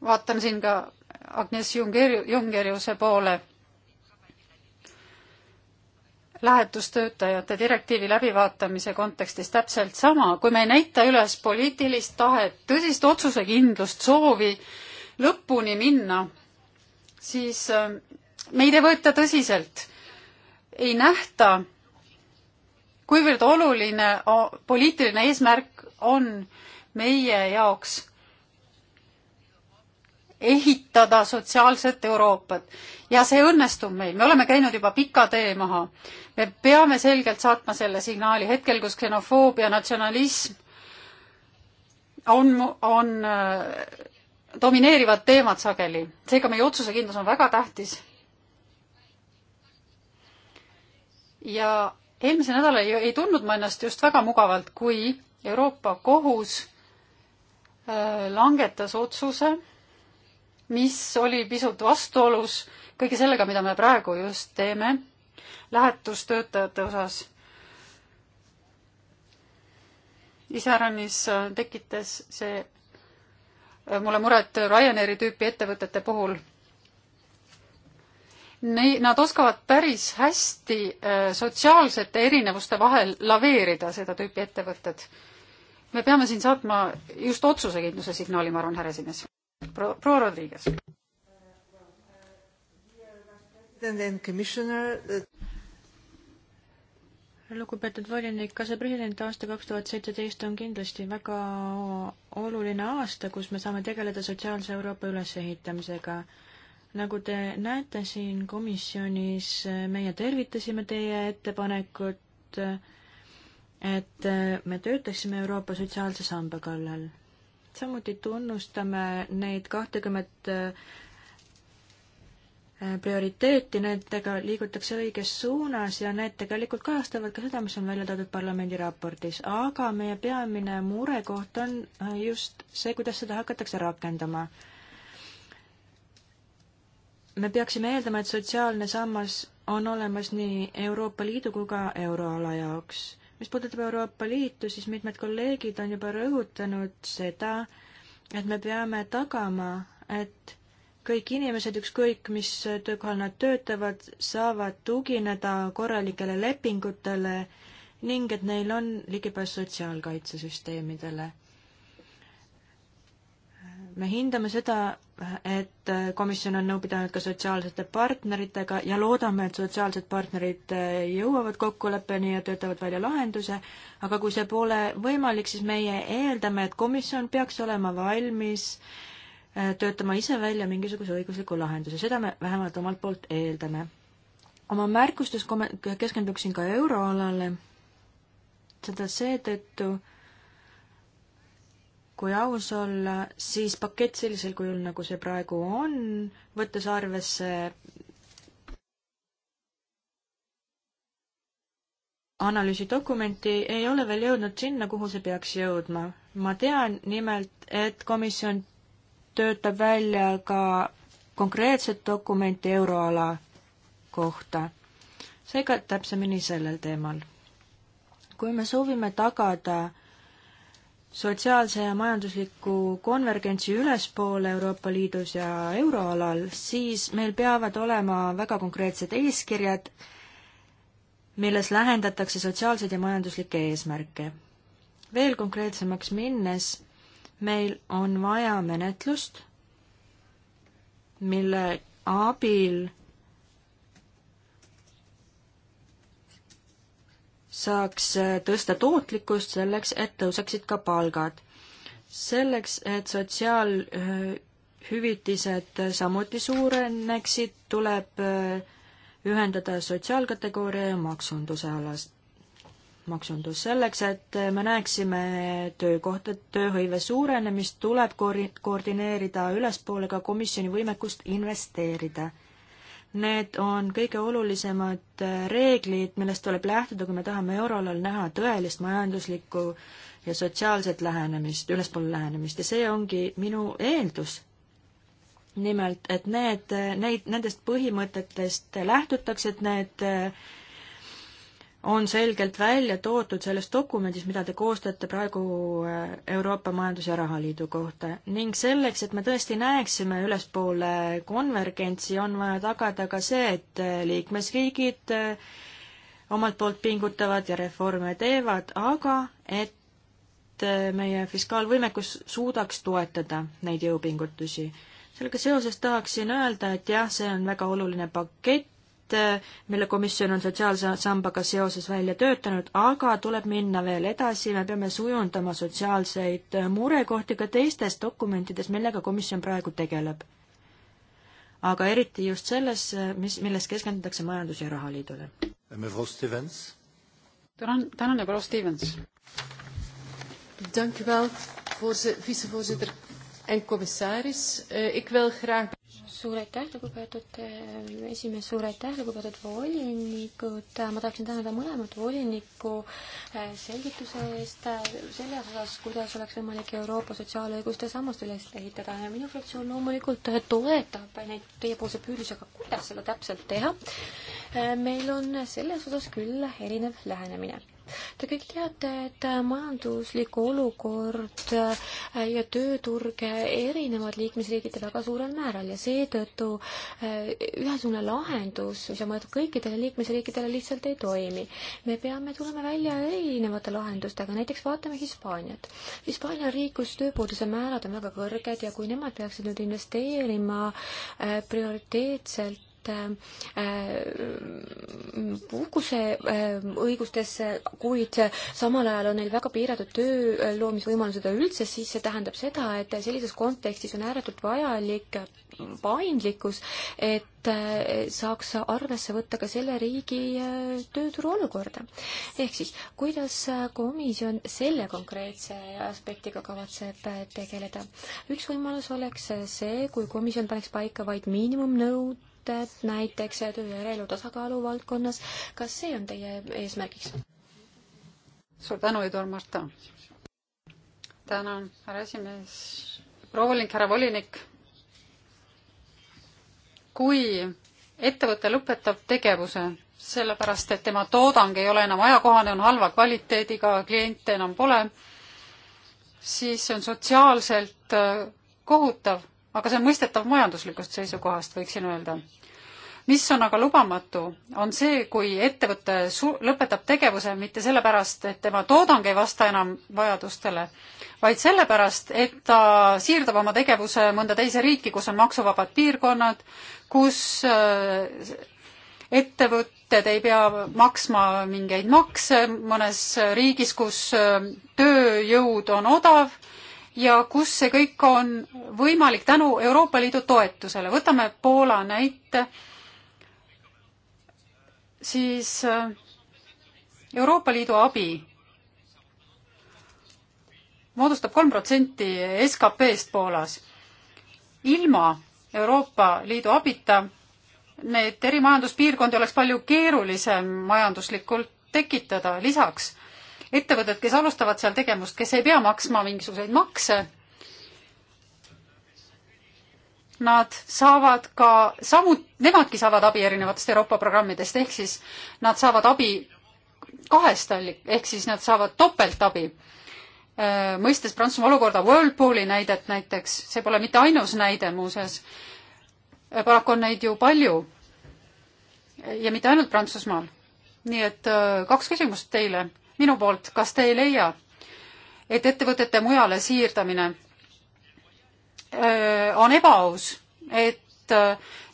vaatan siin ka Agnes Junger-, Jungeriuse poole lähetustöötajate direktiivi läbivaatamise kontekstis täpselt sama, kui me ei näita üles poliitilist tahet, tõsist otsusekindlust, soovi lõpuni minna siis äh, meid ei võeta tõsiselt. ei nähta, kuivõrd oluline poliitiline eesmärk on meie jaoks ehitada sotsiaalset Euroopat. ja see õnnestub meil, me oleme käinud juba pika tee maha. me peame selgelt saatma selle signaali hetkel, kus ksenofoobia, natsionalism on, on äh, domineerivad teemad sageli, seega meie otsusekindlus on väga tähtis. ja eelmisel nädalal ei, ei tundnud ma ennast just väga mugavalt, kui Euroopa Kohus äh, langetas otsuse, mis oli pisut vastuolus kõige sellega, mida me praegu just teeme lähetustöötajate osas. iseäranis äh, tekitas see mulle muret Ryanairi tüüpi ettevõtete puhul. Nei-, nad oskavad päris hästi äh, sotsiaalsete erinevuste vahel laveerida, seda tüüpi ettevõtted. me peame siin saatma just otsusekindluse signaali, ma arvan, härra esimees. proua Pro Rodriguez lugupeetud volinik, kas see president aasta kaks tuhat seitseteist on kindlasti väga oluline aasta, kus me saame tegeleda sotsiaalse Euroopa ülesehitamisega? nagu te näete siin komisjonis, meie tervitasime teie ettepanekut, et me töötaksime Euroopa sotsiaalse samba kallal. samuti tunnustame neid kahtekümmet 20 Äh, prioriteeti, nendega liigutakse õiges suunas ja need tegelikult kajastavad ka seda, mis on välja toodud parlamendi raportis. aga meie peamine murekoht on äh, just see, kuidas seda hakatakse rakendama. me peaksime eeldama, et sotsiaalne sammas on olemas nii Euroopa Liidu kui ka euroala jaoks. mis puudutab Euroopa Liitu, siis mitmed kolleegid on juba rõhutanud seda, et me peame tagama, et kõik inimesed, ükskõik mis töökohal nad töötavad, saavad tugineda korralikele lepingutele ning et neil on ligipääs sotsiaalkaitsesüsteemidele. me hindame seda, et komisjon on nõu pidanud ka sotsiaalsete partneritega ja loodame, et sotsiaalsed partnerid jõuavad kokkuleppeni ja töötavad välja lahenduse, aga kui see pole võimalik, siis meie eeldame, et komisjon peaks olema valmis äh, Äh, töötama ise välja mingisuguse õigusliku lahenduse, seda me vähemalt omalt poolt eeldame. oma märkustes kom-, keskenduksin ka euroalale, seda seetõttu, kui aus olla, siis pakett sellisel kujul, nagu see praegu on, võttes arvesse analüüsidokumenti, ei ole veel jõudnud sinna, kuhu see peaks jõudma. ma tean nimelt, et komisjon töötab välja ka konkreetset dokumenti euroala kohta. seega täpsemini sellel teemal. kui me soovime tagada sotsiaalse ja majandusliku konvergentsi ülespoole Euroopa Liidus ja euroalal, siis meil peavad olema väga konkreetsed eeskirjad, milles lähendatakse sotsiaalseid ja majanduslikke eesmärke. veel konkreetsemaks minnes meil on vaja menetlust, mille abil saaks tõsta tootlikkust selleks, et tõuseksid ka palgad. selleks, et sotsiaalhüvitised samuti suureneksid, tuleb ühendada sotsiaalkategooria ja maksunduse alast maksundus. selleks, et me näeksime töökohtade, tööhõive suurenemist, tuleb koori-, koordineerida ülespoole ka komisjoni võimekust investeerida. Need on kõige olulisemad reeglid, millest tuleb lähtuda, kui me tahame euroalal näha tõelist majanduslikku ja sotsiaalset lähenemist, ülespoole lähenemist ja see ongi minu eeldus. nimelt, et need, neid, nendest põhimõtetest lähtutakse, et need on selgelt välja toodud selles dokumendis, mida te koostate praegu äh, Euroopa Majandus- ja Rahaliidu kohta. ning selleks, et me tõesti näeksime ülespoole konvergentsi, on vaja tagada ka see, et äh, liikmesriigid äh, omalt poolt pingutavad ja reforme teevad, aga et meie fiskaalvõimekus suudaks toetada neid jõupingutusi. sellega seoses tahaksin öelda, et jah, see on väga oluline pakett, Äh, mille komisjon on sotsiaalse sambaga seoses välja töötanud, aga tuleb minna veel edasi, me peame sujundama sotsiaalseid äh, murekohti ka teistes dokumentides, millega komisjon praegu tegeleb. aga eriti just selles, äh, mis, milles keskendutakse Majandus- ja Rahaliidule. tänan, tänan ja proua Stevens! Dank u wel, vicevoorzitter en commissaris. Uh, ik wil graag suur aitäh, lugupeetud äh, esimees, suur aitäh, lugupeetud volinikud. ma tahaksin tänada mõlemat volinikku äh, selgituse eest äh, selles osas, kuidas oleks võimalik Euroopa sotsiaalõiguste sammast üles ehitada ja minu fraktsioon loomulikult toetab neid teiepoolse püüdlusega, kuidas seda täpselt teha. meil on selles osas küll erinev lähenemine Te kõik teate, et majanduslikku olukord äh, ja tööturg erinevad liikmesriigid väga suurel määral ja seetõttu äh, ühesugune lahendus, mis on mõeldud kõikidele liikmesriikidele, lihtsalt ei toimi. me peame tulema välja erinevate lahendustega, näiteks vaatame Hispaaniat. Hispaania on riik, kus tööpuuduse määrad on väga kõrged ja kui nemad peaksid nüüd investeerima äh, prioriteetselt et äh, puhkuseõigustesse, äh, kuid samal ajal on neil väga piiratud töö loomisvõimalused üldse, siis see tähendab seda, et sellises kontekstis on ääretult vajalik paindlikkus, et äh, saaks arvesse võtta ka selle riigi tööturu olukorda. ehk siis, kuidas komisjon selle konkreetse aspektiga kavatseb tegeleda? üks võimalus oleks see, kui komisjon paneks paika vaid miinimumnõud, mõtted näiteks töö ja eraelu tasakaalu valdkonnas. kas see on teie eesmärgiks? suur tänu, Eduard Marta. tänan, härra esimees, proua volinik, härra volinik. kui ettevõte lõpetab tegevuse sellepärast, et tema toodang ei ole enam ajakohane, on halva kvaliteediga, kliente enam pole, siis see on sotsiaalselt äh, kohutav aga see on mõistetav majanduslikust seisukohast, võiksin öelda. mis on aga lubamatu, on see, kui ettevõte su-, lõpetab tegevuse mitte sellepärast, et tema toodang ei vasta enam vajadustele, vaid sellepärast, et ta siirdab oma tegevuse mõnda teise riiki, kus on maksuvabad piirkonnad, kus äh, ettevõtted ei pea maksma mingeid makse mõnes riigis, kus äh, tööjõud on odav ja kus see kõik on võimalik tänu Euroopa Liidu toetusele. võtame Poola näite, siis äh, Euroopa Liidu abi moodustab kolm protsenti SKP-st Poolas. ilma Euroopa Liidu abita need eri majanduspiirkondi oleks palju keerulisem majanduslikult tekitada, lisaks ettevõtted, kes alustavad seal tegevust, kes ei pea maksma mingisuguseid makse, nad saavad ka samu, nemadki saavad abi erinevatest Euroopa programmidest, ehk siis nad saavad abi kahest alli-, ehk siis nad saavad topeltabi. Äh, mõistes Prantsusmaa olukorda, Whirlpooli näidet näiteks, see pole mitte ainus näide muuseas, äh, paraku on neid ju palju. Äh, ja mitte ainult Prantsusmaal. nii et kaks küsimust teile minu poolt, kas te ei leia, et ettevõtete mujale siirdamine on ebaaus, et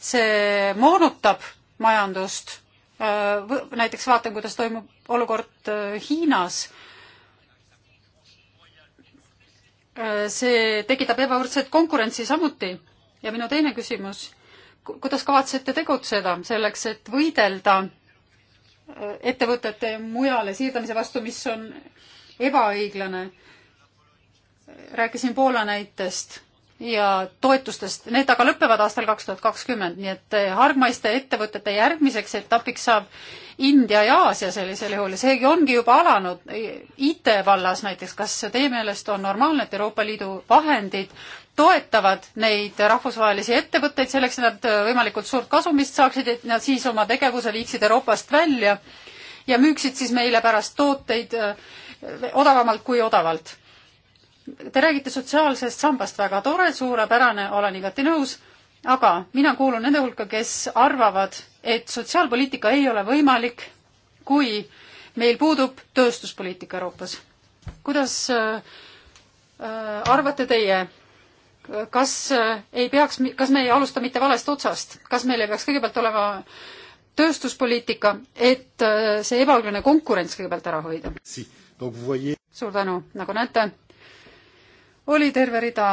see moonutab majandust, näiteks vaatan, kuidas toimub olukord Hiinas, see tekitab ebavõrdset konkurentsi samuti ja minu teine küsimus, kuidas kavatsete tegutseda selleks, et võidelda ettevõtete mujale siirdamise vastu, mis on ebaõiglane. rääkisin Poola näitest ja toetustest, need aga lõpevad aastal kaks tuhat kakskümmend, nii et hargmaiste ettevõtete järgmiseks etapiks saab India ja Aasia sellisel juhul ja seegi ongi juba alanud IT vallas näiteks, kas teie meelest on normaalne, et Euroopa Liidu vahendid toetavad neid rahvusvahelisi ettevõtteid selleks, et nad äh, võimalikult suurt kasumist saaksid, et nad siis oma tegevuse viiksid Euroopast välja ja müüksid siis meile pärast tooteid äh, odavamalt kui odavalt. Te räägite sotsiaalsest sambast, väga tore, suurepärane, olen igati nõus, aga mina kuulun nende hulka, kes arvavad, et sotsiaalpoliitika ei ole võimalik, kui meil puudub tööstuspoliitika Euroopas. kuidas äh, äh arvate teie, kas äh, ei peaks, kas me ei alusta mitte valest otsast, kas meil ei peaks kõigepealt olema tööstuspoliitika, et äh, see ebaõiglane konkurents kõigepealt ära hoida si.? suur tänu, nagu näete, oli terve rida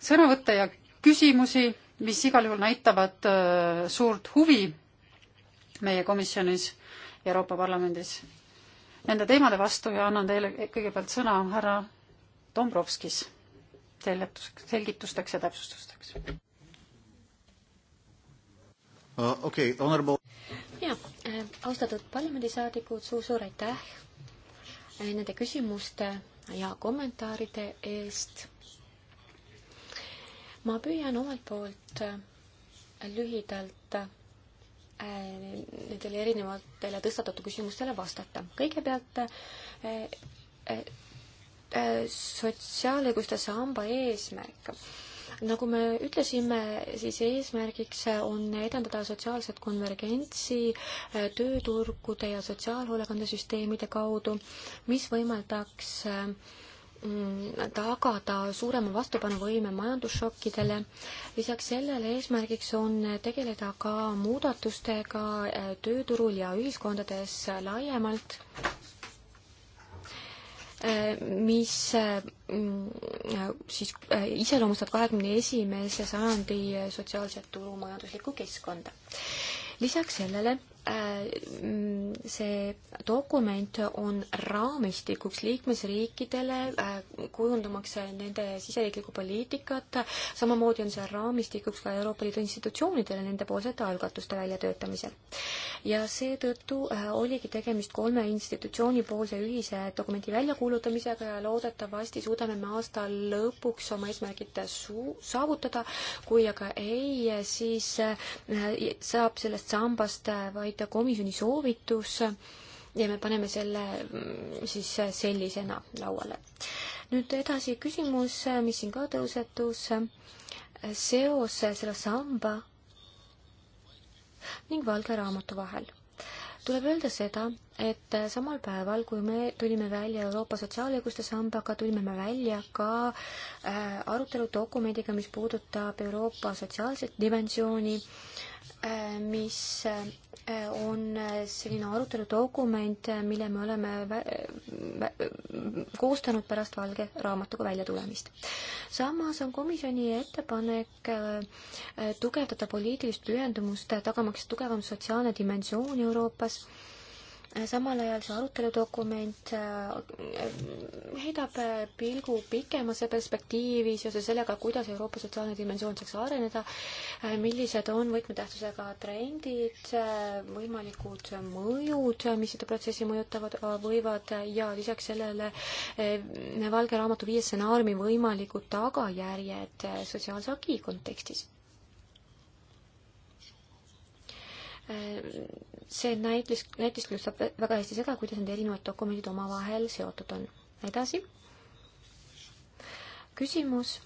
sõnavõtte ja küsimusi, mis igal juhul näitavad äh, suurt huvi meie komisjonis, Euroopa Parlamendis nende teemade vastu ja annan teile kõigepealt sõna härra Dombrovskis seletuseks, selgitusteks ja täpsustusteks uh,. okei okay,, honorable. ja äh,, austatud parlamendisaadikud, suur-suur aitäh äh, nende küsimuste ja kommentaaride eest. ma püüan omalt poolt äh, lühidalt äh, nendele erinevatele tõstatatud küsimustele vastata. kõigepealt äh, äh, Äh, sotsiaalõiguste samba eesmärk. nagu me ütlesime, siis eesmärgiks on edendada sotsiaalset konvergentsi äh, tööturgude ja sotsiaalhoolekandesüsteemide kaudu, mis võimaldaks äh, tagada suurema vastupanuvõime majandusšokkidele. lisaks sellele eesmärgiks on tegeleda ka muudatustega tööturul ja ühiskondades laiemalt mis mm, siis äh, iseloomustab kahekümne esimese sajandi sotsiaalset turumajanduslikku keskkonda. lisaks sellele Äh, see dokument on raamistikuks liikmesriikidele, äh, kujundamaks nende siseriiklikku poliitikat, samamoodi on see raamistikuks ka Euroopa Liidu institutsioonidele nendepoolsete algatuste väljatöötamisel. ja seetõttu äh, oligi tegemist kolme institutsiooni poolse ühise dokumendi väljakuulutamisega ja loodetavasti suudame me aasta lõpuks oma eesmärgid suu-, saavutada, kui aga ei, siis saab sellest sambast vaid nüüd komisjoni soovitus ja me paneme selle mm, siis sellisena lauale. nüüd edasi küsimus, mis siin ka tõusetus, seos selle samba ning valge raamatu vahel. tuleb öelda seda, et samal päeval, kui me tulime välja Euroopa sotsiaalõiguste sambaga, tulime me välja ka äh, aruteludokumendiga, mis puudutab Euroopa sotsiaalset dimensiooni, äh, mis äh, on selline aruteludokument, mille me oleme koostanud pärast valge raamatuga väljatulemist. samas on komisjoni ettepanek äh, tugevdada poliitilist pühendumust, tagamaks tugevam sotsiaalne dimensioon Euroopas samal ajal see aruteludokument äh, heidab äh, pilgu pikemasse perspektiivi seoses sellega, kuidas Euroopa sotsiaalne dimensioon saaks areneda, äh, millised on võtmetähtsusega trendid, võimalikud mõjud, mis seda protsessi mõjutavad võivad ja lisaks sellele Valge Raamatu viie stsenaariumi võimalikud tagajärjed sotsiaalse agi kontekstis Äh, see näitlis, näitlustab väga hästi seda, kuidas need erinevad dokumendid omavahel seotud on. edasi. küsimus.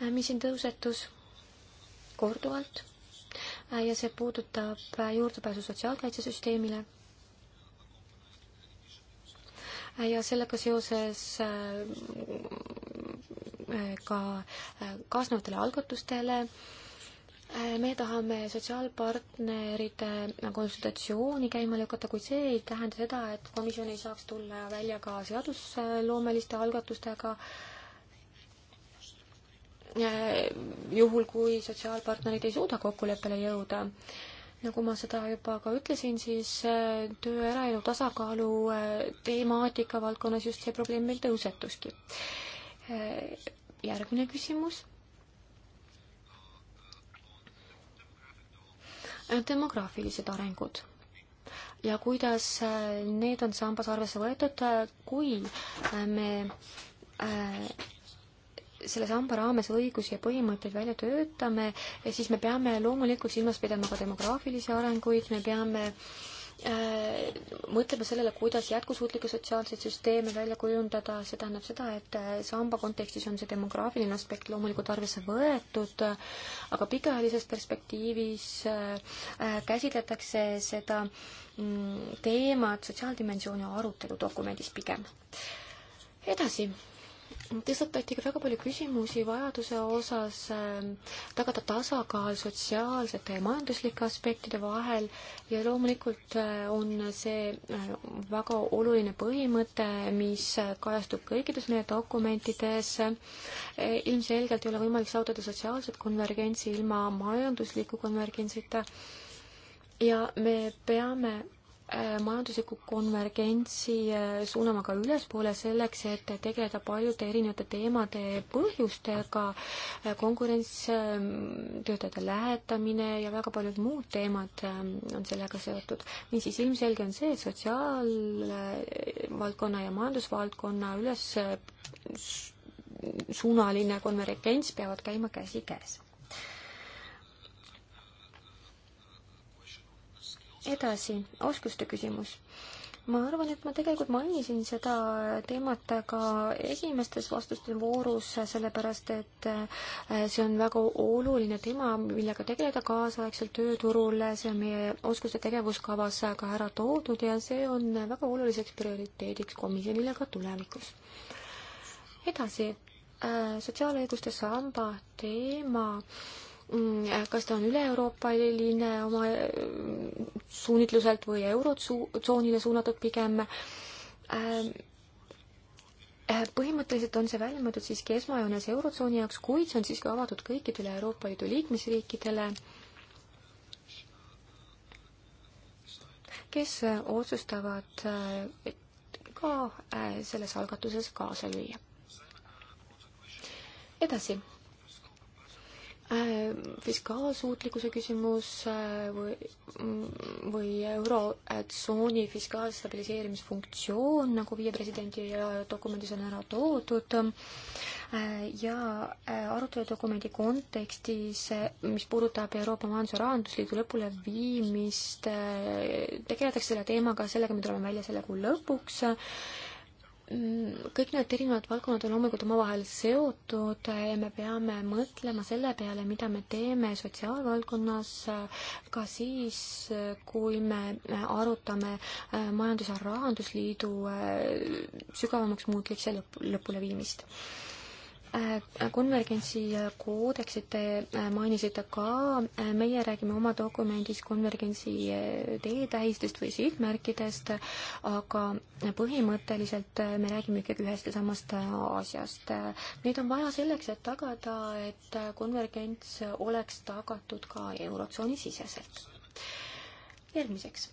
Äh, mis siin tõusetus korduvalt äh, ja see puudutab juurdepääsu sotsiaalkaitsesüsteemile ja sellega seoses ka äh, kaasnevatele algatustele äh, me tahame sotsiaalpartnerite äh, konsultatsiooni käima lükata, kuid see ei tähenda seda, et komisjon ei saaks tulla välja ka seadusloomeliste algatustega, juhul kui sotsiaalpartnerid ei suuda kokkuleppele jõuda. nagu ma seda juba ka ütlesin, siis töö eraelu tasakaalu temaatika valdkonnas just see probleem meil tõusetuski järgmine küsimus. demograafilised arengud ja kuidas äh, need on sambas arvesse võetud, äh, kui äh, me selle samba raames õigusi ja põhimõtteid välja töötame, siis me peame loomulikult silmas pidama ka demograafilisi arenguid, me peame äh, Äh, mõtlema sellele, kuidas jätkusuutlikke sotsiaalseid süsteeme välja kujundada, see tähendab seda, et äh, samba kontekstis on see demograafiline aspekt loomulikult arvesse võetud, aga pikaajalises perspektiivis äh, käsitletakse seda mm, teemat sotsiaaldimensiooni arutelu dokumendis pigem. edasi tõstatati ka väga palju küsimusi vajaduse osas ähm, tagada tasakaal sotsiaalsete ja majanduslike aspektide vahel ja loomulikult äh, on see äh, väga oluline põhimõte, mis äh, kajastub kõikides meie dokumentides. ilmselgelt ei ole võimalik saavutada sotsiaalset konvergentsi ilma majandusliku konvergentsita ja me peame Äh, majandusliku konvergentsi äh, suunama ka ülespoole selleks, et tegeleda paljude erinevate teemade põhjustega, äh, konkurents, ähm, töötajate lähetamine ja väga paljud muud teemad ähm, on sellega seotud. niisiis, ilmselge on see, et sotsiaalvaldkonna ja majandusvaldkonna üles suunaline konvergents peavad käima käsikäes edasi, oskuste küsimus. ma arvan, et ma tegelikult mainisin seda teemat ka esimestes vastuste voorus, sellepärast et äh, see on väga oluline teema, millega tegeleda kaasaegselt tööturul, see on meie oskuste tegevuskavas ka ära toodud ja see on väga oluliseks prioriteediks komisjonile ka tulevikus. edasi, äh, sotsiaalõiguste samba teema Mm, kas ta on üle-euroopaline oma mm, suunitluselt või eurotsoonile suunatud pigem. Ähm, äh, põhimõtteliselt on see välja mõeldud siiski esmajoones eurotsooni jaoks, kuid see on siiski avatud kõikidele Euroopa Liidu liikmesriikidele, kes äh, otsustavad äh, ka selles algatuses kaasa lüüa. edasi Äh, fiskaalsuutlikkuse küsimus äh, või, mm, või eurotsooni äh, fiskaalstabiliseerimisfunktsioon, nagu viie presidendi dokumendis on ära toodud, ja aruteludokumendi kontekstis, mis puudutab Euroopa Majandus- ja Rahandusliidu lõpuleviimist, tegeletakse selle teemaga, sellega me tuleme välja selle kuu lõpuks Mm, kõik need erinevad valdkonnad on loomulikult omavahel seotud ja me peame mõtlema selle peale, mida me teeme sotsiaalvaldkonnas ka siis, kui me arutame äh, Majandus- ja Rahandusliidu äh, sügavamaks muutliks ja lõp-, lõpuleviimist. Äh, konvergentsi koodeksit te äh, mainisite ka, äh, meie räägime oma dokumendis konvergentsi teetähistest või sihtmärkidest, aga põhimõtteliselt me räägime ikkagi ühest ja samast asjast. Neid on vaja selleks, et tagada, et konvergents oleks tagatud ka eurotsooni siseselt. järgmiseks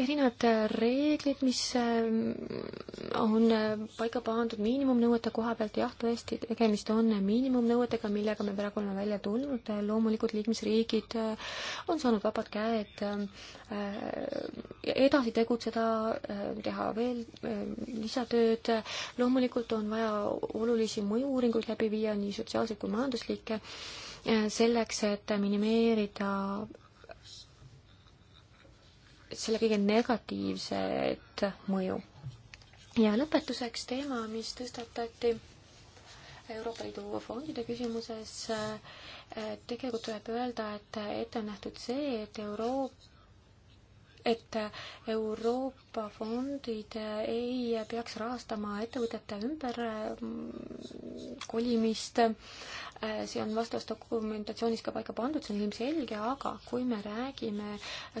erinevad reeglid, mis äh, on äh, paika pandud miinimumnõuete koha pealt, jah, tõesti, tegemist on miinimumnõuetega, millega me praegu oleme välja tulnud, loomulikult liikmesriigid äh, on saanud vabad käed edasi tegutseda, teha veel lisatööd, loomulikult on vaja olulisi mõju-uuringuid läbi viia, nii sotsiaalseid kui majanduslikke, selleks, et minimeerida selle kõige negatiivset mõju. ja lõpetuseks teema, mis tõstatati Euroopa Liidu fondide küsimuses. tegelikult tuleb öelda, et ette on nähtud see, et Euroopa et Euroopa fondid ei peaks rahastama ettevõtete ümberkolimist Äh, see on vastavas dokumentatsioonis ka paika pandud, see on ilmselge, aga kui me räägime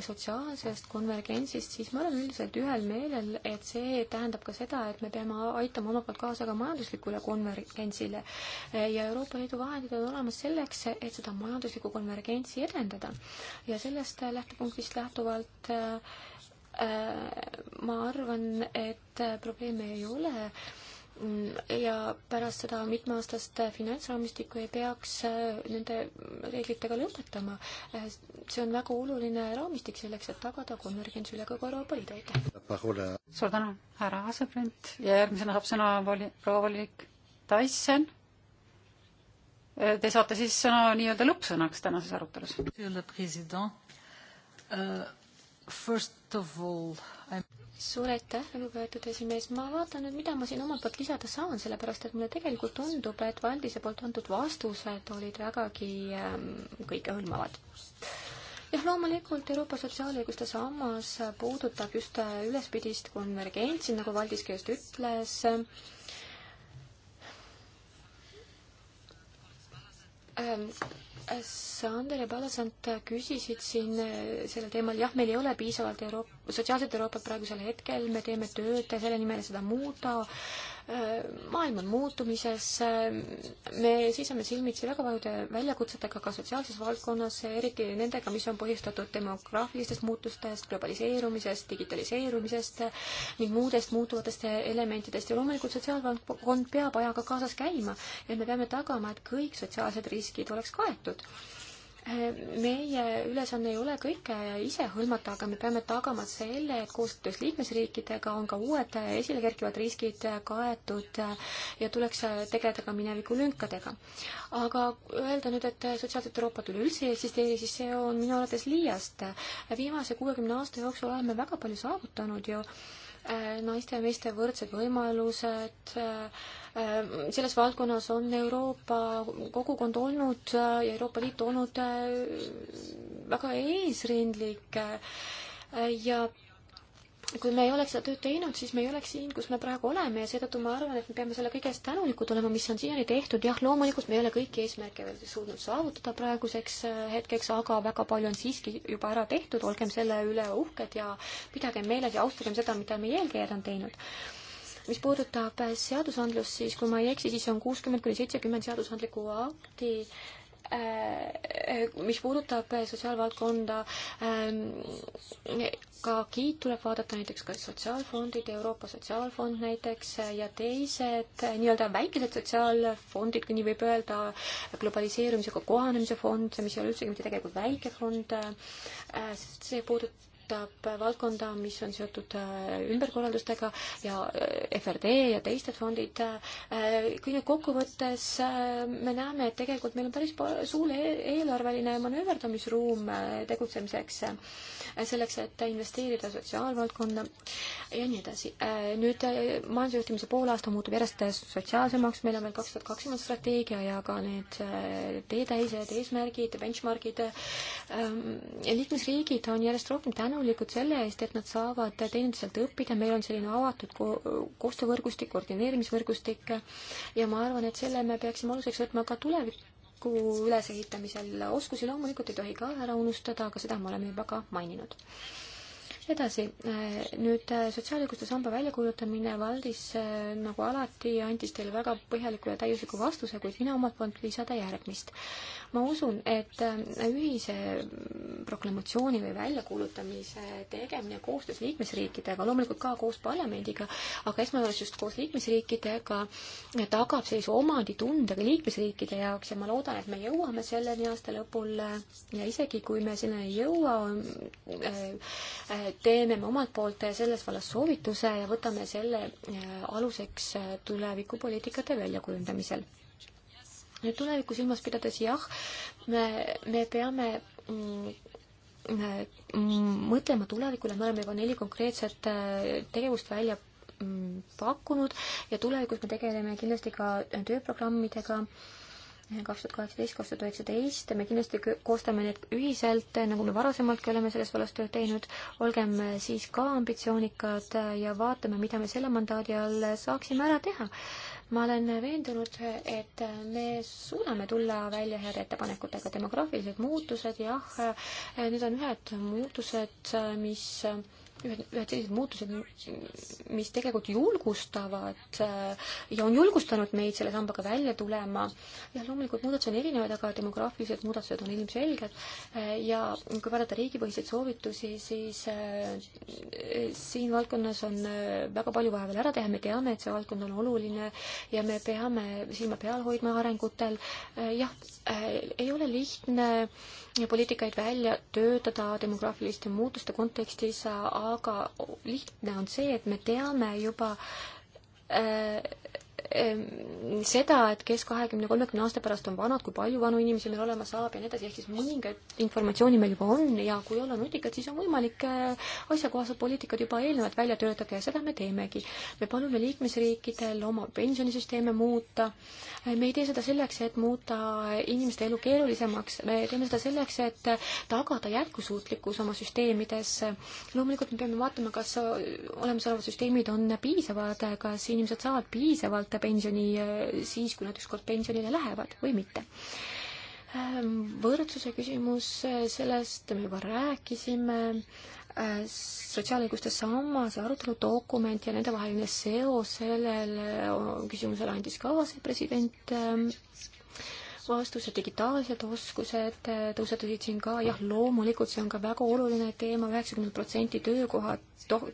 sotsiaalsest konvergentsist, siis ma olen üldiselt ühel meelel, et see tähendab ka seda, et me peame aitama omalt poolt kaasa ka majanduslikule konvergentsile. Äh, ja Euroopa Liidu vahendid on olemas selleks, et seda majanduslikku konvergentsi edendada. ja sellest lähtepunktist lähtuvalt äh, ma arvan, et probleeme ei ole Mm, ja pärast seda mitmeaastast finantsraamistikku ei peaks äh, nende reeglitega lõpetama. Äh, see on väga oluline raamistik selleks, et tagada konvergents üle kogu Euroopa Liidu. aitäh! suur tänu, härra asepresident ja järgmisena saab sõna voli-, proua volinik Tyson. Äh, te saate siis sõna nii-öelda lõppsõnaks tänases arutelus. Euh, first of all I'm suur aitäh, lugupeetud esimees, ma vaatan nüüd, mida ma siin omalt poolt lisada saan, sellepärast et mulle tegelikult tundub, et Valdise poolt antud vastused olid vägagi ähm, kõikehõlmavad jah, loomulikult Euroopa sotsiaalõiguste sammas puudutab just äh, ülespidist konvergentsi, nagu Valdiski just ütles. Ähm, Sander ja Palasant küsisid siin äh, sellel teemal, jah, meil ei ole piisavalt Euroopa, sotsiaalset Euroopat praegusel hetkel, me teeme tööd selle nimel, et seda muuta, maailm on muutumises, me seisame silmitsi väga paljude väljakutsetega ka sotsiaalses valdkonnas, eriti nendega, mis on põhjustatud demograafilistest muutustest, globaliseerumisest, digitaliseerumisest ning muudest muutuvatest elementidest ja loomulikult sotsiaalvaldkond peab ajaga kaasas käima ja me peame tagama, et kõik sotsiaalsed riskid oleks kaetud meie ülesanne ei ole kõike ise hõlmata, aga me peame tagama selle, et koostöös liikmesriikidega on ka uued esile kerkivad riskid kaetud ja tuleks tegeleda ka mineviku lünkadega. aga öelda nüüd, et sotsiaalset Euroopat üleüldse ei eksisteeri, siis see on minu arvates liiast. viimase kuuekümne aasta jooksul oleme väga palju saavutanud ju äh, naiste ja meeste võrdsed võimalused äh,, Äh, selles valdkonnas on Euroopa kogukond olnud äh, ja Euroopa Liit olnud äh, väga eesrindlik ja kui me ei oleks seda tööd teinud, siis me ei oleks siin, kus me praegu oleme ja seetõttu ma arvan, et me peame selle kõige eest tänulikud olema, mis on siiani tehtud. jah, loomulikult me ei ole kõiki eesmärke veel suutnud saavutada praeguseks hetkeks, aga väga palju on siiski juba ära tehtud, olgem selle üle uhked ja pidagem meeles ja austagem seda, mida meie eelkäijad on teinud mis puudutab äh, seadusandlust, siis kui ma ei eksi, siis on kuuskümmend kuni seitsekümmend seadusandlikku akti, äh, äh, mis puudutab sotsiaalvaldkonda, ähm, ka KIIT tuleb vaadata näiteks ka sotsiaalfondid, Euroopa Sotsiaalfond näiteks ja teised nii-öelda väikesed sotsiaalfondid, kui nii võib öelda, globaliseerumisega kohanemise fond, mis ei ole üldsegi mitte tegelikult väike fond, see puudutab puudutab valdkonda, mis on seotud äh, ümberkorraldustega ja äh, FRD ja teised fondid. Äh, kõige kokkuvõttes me näeme, et tegelikult meil on päris suur e-, eelarveline manööverdamisruum tegutsemiseks, selleks, et investeerida sotsiaalvaldkonda ja nii edasi. nüüd majandusjuhtimise poolaasta muutub järjest sotsiaalsemaks, meil on veel kaks tuhat kakskümmend strateegia ja ka need teetäised, eesmärgid, benchmarkid. liikmesriigid on järjest rohkem tänu tänulikud selle eest, et nad saavad teineteiselt õppida, meil on selline avatud ko koostöövõrgustik, koordineerimisvõrgustik ja ma arvan, et selle me peaksime aluseks võtma ka tuleviku ülesehitamisel. oskusi loomulikult ei tohi ka ära unustada, aga seda me oleme juba ka maininud edasi, äh, nüüd äh, sotsiaalõiguste samba väljakuulutamine, Valdis äh, nagu alati andis teile väga põhjaliku ja täiusliku vastuse, kuid mina omalt poolt lisada järgmist. ma usun, et ühise proklamatsiooni või väljakuulutamise tegemine koostöös liikmesriikidega, loomulikult ka koos parlamendiga, aga esmajoones just koos liikmesriikidega, tagab sellise omanditunde ka liikmesriikide jaoks ja ma loodan, et me jõuame selleni aasta lõpul ja isegi, kui me sinna ei jõua, on teeme me omalt poolt selles vallas soovituse ja võtame selle äh, aluseks äh, tulevikupoliitikate väljakujundamisel. tulevikku silmas pidades jah, me, me peame mm, äh, mm, mõtlema tulevikule, me oleme juba neli konkreetset tegevust välja mm, pakkunud ja tulevikus me tegeleme kindlasti ka tööprogrammidega äh, kaks tuhat kaheksateist, kaks tuhat üheksateist, me kindlasti koostame need ühiselt, nagu me varasemaltki oleme selles vallas tööd teinud, olgem siis ka ambitsioonikad ja vaatame, mida me selle mandaadi all saaksime ära teha. ma olen veendunud, et me suudame tulla välja heade ettepanekutega, demograafilised muutused, jah, need on ühed muutused, mis ühed, ühed sellised muutused, mis tegelikult julgustavad äh, ja on julgustanud meid selle sambaga välja tulema. ja loomulikult muudatusi on erinevaid, aga demograafilised muudatused on ilmselged. Äh, ja kui vaadata riigipõhiseid soovitusi, siis äh, siin valdkonnas on väga palju vaja veel ära teha, me teame, et see valdkond on oluline ja me peame silma peal hoidma arengutel. jah, ei ole lihtne poliitikaid välja töötada demograafiliste muutuste kontekstis, aga lihtne on see, et me teame juba äh, Ehm, seda, et kes kahekümne, kolmekümne aasta pärast on vanad, kui palju vanu inimesi meil olema saab ja nii edasi, ehk siis mõningat informatsiooni meil juba on ja kui olla nutikad, siis on võimalik äh, asjakohased poliitikad juba eelnevalt välja töötada ja seda me teemegi. me palume liikmesriikidel oma pensionisüsteeme muuta, äh, me ei tee seda selleks, et muuta inimeste elu keerulisemaks, me teeme seda selleks, et tagada jätkusuutlikkus oma süsteemides. loomulikult me peame vaatama, kas olemasolevad süsteemid on piisavad, kas inimesed saavad piisavalt saada pensioni äh, siis, kui nad ükskord pensionile lähevad või mitte. Ähm, võrdsuse küsimus, äh, sellest me juba rääkisime äh, sotsiaalõiguste sammas ja aruteludokument ja nendevaheline seos sellele küsimusele andis ka asepresident ähm, vastused, digitaalsed oskused äh, tõusetusid siin ka, jah, loomulikult see on ka väga oluline teema, üheksakümmend protsenti töökohad,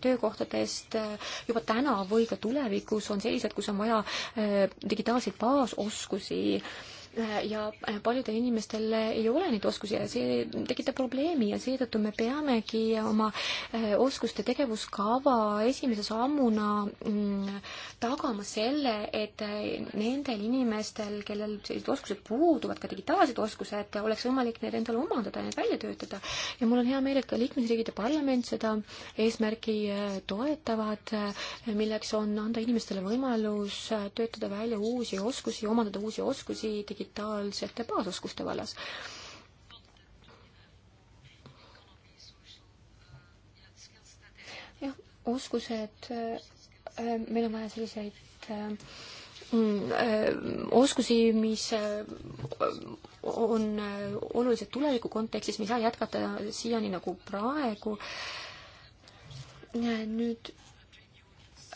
töökohtadest äh, juba täna või ka tulevikus on sellised, kus on vaja äh, digitaalseid baasoskusi äh, ja äh, paljudel inimestel ei ole neid oskusi ja see tekitab probleemi ja seetõttu me peamegi oma äh, oskuste tegevuskava esimese sammuna mm, tagama selle, et äh, nendel inimestel, kellel sellised oskused puuduvad, ka digitaalsed oskused, oleks võimalik need endale omandada ja need välja töötada. ja mul on hea meel, et ka liikmesriigid ja parlament seda eesmärki toetavad, milleks on anda inimestele võimalus töötada välja uusi oskusi, omandada uusi oskusi digitaalselt digitaalsete baasoskuste vallas. jah, oskused, äh, äh, meil on vaja selliseid äh, mm, oskusi, mis on olulised tuleviku kontekstis, me ei saa jätkata siiani nagu praegu. nüüd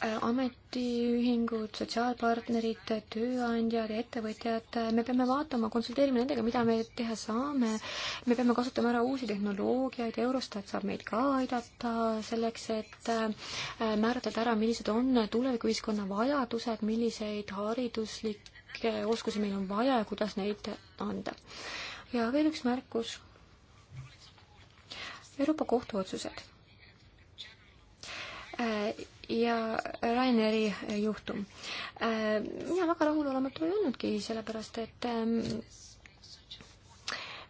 ametiühingud, sotsiaalpartnerid, tööandjad ja ettevõtjad, me peame vaatama, konsulteerima nendega, mida me teha saame, me peame kasutama ära uusi tehnoloogiaid, Eurostat saab meid ka aidata selleks, et äh, määratleda ära, millised on tulevikuühiskonna vajadused, milliseid hariduslikke oskusi meil on vaja ja kuidas neid anda. ja veel üks märkus. Euroopa kohtuotsused äh, ja Raineri juhtum. Äh, mina väga rahulolematu ei olnudki, sellepärast et ähm,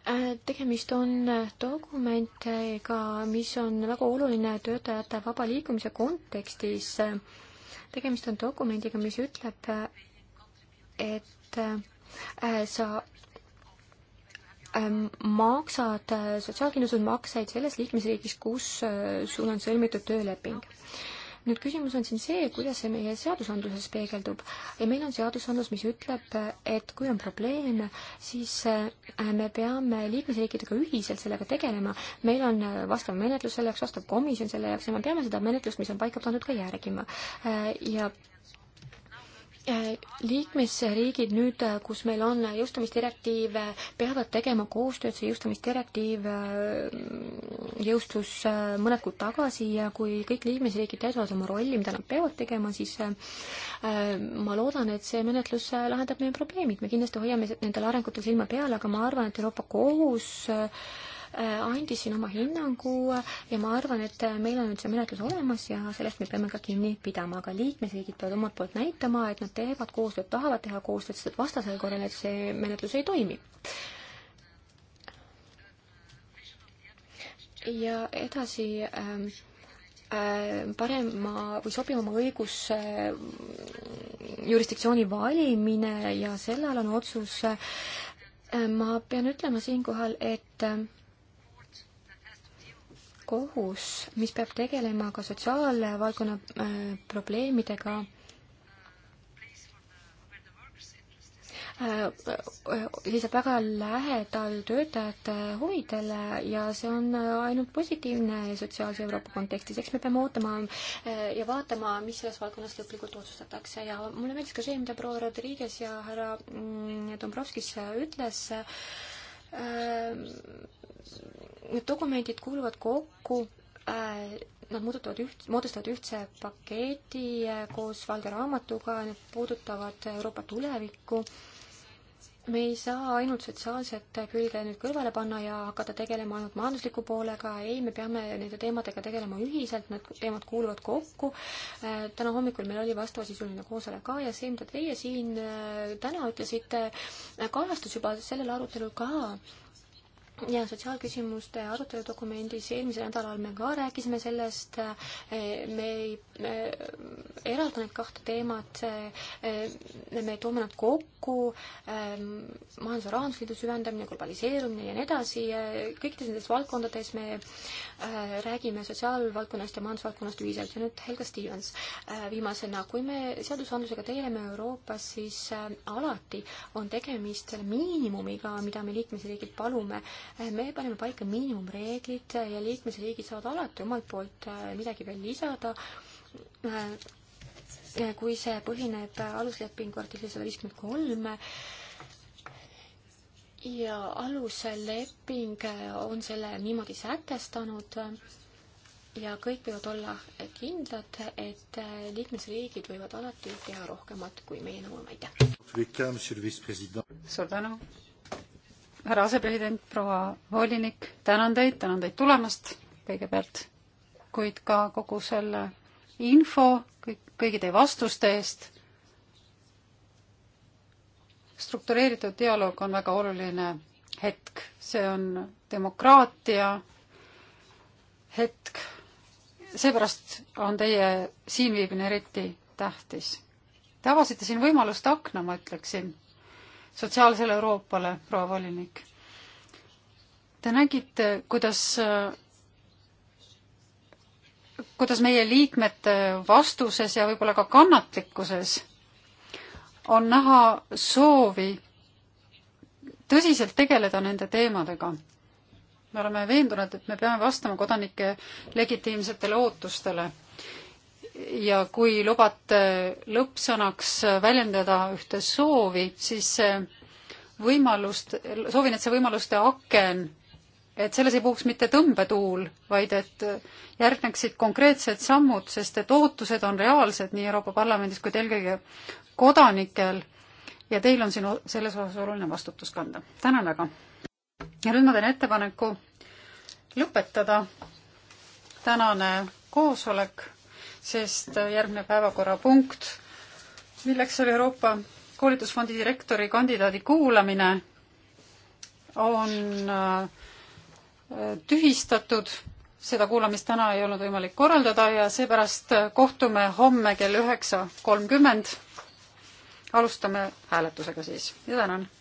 äh, tegemist on dokumentiga, mis on väga oluline töötajate vaba liikumise kontekstis. tegemist on dokumendiga, mis ütleb, et äh, sa ähm, maksad sotsiaalkindlustusmakseid selles liikmesriigis, kus sul on sõlmitud tööleping nüüd küsimus on siin see, kuidas see meie seadusandluses peegeldub ja meil on seadusandlus, mis ütleb, et kui on probleem, siis äh, me peame liikmesriikidega ühiselt sellega tegelema, meil on äh, vastav menetlus selle jaoks, vastav komisjon selle jaoks ja me peame seda menetlust, mis on paika pandud, ka järgima. Äh, ja Äh, liikmesriigid nüüd, äh, kus meil on jõustamisdirektiiv, äh, peavad tegema koostööd, see jõustamisdirektiiv jõustus mõned kuud tagasi ja kui kõik liikmesriigid täidavad oma rolli, mida nad peavad tegema, siis ma loodan, et see menetlus lahendab meie probleemid, me kindlasti hoiame nendel arengutel silma peal, aga ma arvan, et Euroopa Kohus Äh, andis siin oma hinnangu ja ma arvan, et äh, meil on nüüd see menetlus olemas ja sellest me peame ka kinni pidama, aga liikmesriigid peavad omalt poolt näitama, et nad teevad koostööd, tahavad teha koostööd, sest vastasel korral see menetlus ei toimi. ja edasi ähm, äh, parema või sobivama õigus jurisdiktsiooni valimine ja sellel on otsus. ma pean ütlema siinkohal, et kohus, mis peab tegelema ka sotsiaalvaldkonna äh, probleemidega, seisab äh, äh, väga lähedal töötajate huvidele ja see on ainult positiivne sotsiaalse Euroopa kontekstis, eks me peame ootama ja vaatama, mis selles valdkonnas lõplikult otsustatakse ja mulle meeldis ka see, mida proua Rodriguez ja härra mm, Dombrovskis ütles äh,, Ehm, need dokumendid kuuluvad kokku, äh, nad muudutavad üht, moodustavad ühtse paketi äh, koos valge raamatuga, need puudutavad Euroopa tulevikku me ei saa ainult sotsiaalset külge nüüd kõrvale panna ja hakata tegelema ainult majandusliku poolega, ei, me peame nende teemadega tegelema ühiselt, need teemad kuuluvad kokku. Äh, täna hommikul meil oli vastavasisuline koosolek ka ja see, mida teie siin äh, täna ütlesite, äh, kajastus juba sellel arutelul ka ja sotsiaalküsimuste aruteludokumendis eelmisel nädalal me ka rääkisime sellest, me ei me eralda need kahte teemat, me toome nad kokku, majandus- ja rahandusliidu süvendamine, globaliseerumine ja nii edasi, kõikides nendes valdkondades me äh, räägime sotsiaalvaldkonnast ja majandusvaldkonnast ühiselt ja nüüd Helga Stevens äh, viimasena, kui me seadusandlusega tegeleme Euroopas, siis äh, alati on tegemist selle miinimumiga, mida me liikmesriigilt palume me panime paika miinimumreeglid ja liikmesriigid saavad alati omalt poolt äh, midagi veel lisada, äh, kui see põhineb aluslepingu artikli sada viiskümmend kolm, ja alusleping äh, on selle niimoodi sätestanud ja kõik võivad olla kindlad, et liikmesriigid võivad alati teha rohkemat, kui meie nõuame, aitäh. suur tänu, härra asepresident, proua volinik, tänan teid, tänan teid tulemast kõigepealt, kuid ka kogu selle info, kõik, kõigi teie vastuste eest. struktureeritud dialoog on väga oluline hetk, see on demokraatia hetk. seepärast on teie siinviibimine eriti tähtis. Te avasite siin võimalust akna, ma ütleksin sotsiaalsele Euroopale, proua volinik. Te nägite, kuidas, kuidas meie liikmete vastuses ja võib-olla ka kannatlikkuses on näha soovi tõsiselt tegeleda nende teemadega. me oleme veendunud, et me peame vastama kodanike legitiimsetele ootustele ja kui lubate lõppsõnaks väljendada ühte soovi, siis see võimalust, soovin, et see võimaluste aken, et selles ei puhuks mitte tõmbetuul, vaid et järgneksid konkreetsed sammud, sest et ootused on reaalsed nii Euroopa Parlamendis kui eelkõige kodanikel ja teil on siin selles osas oluline vastutus kanda. tänan väga! ja nüüd ma teen ettepaneku lõpetada tänane koosolek sest järgmine päevakorrapunkt, milleks oli Euroopa koolitusfondi direktori kandidaadi kuulamine, on äh, tühistatud, seda kuulamist täna ei olnud võimalik korraldada ja seepärast kohtume homme kell üheksa kolmkümmend. alustame hääletusega siis ja tänan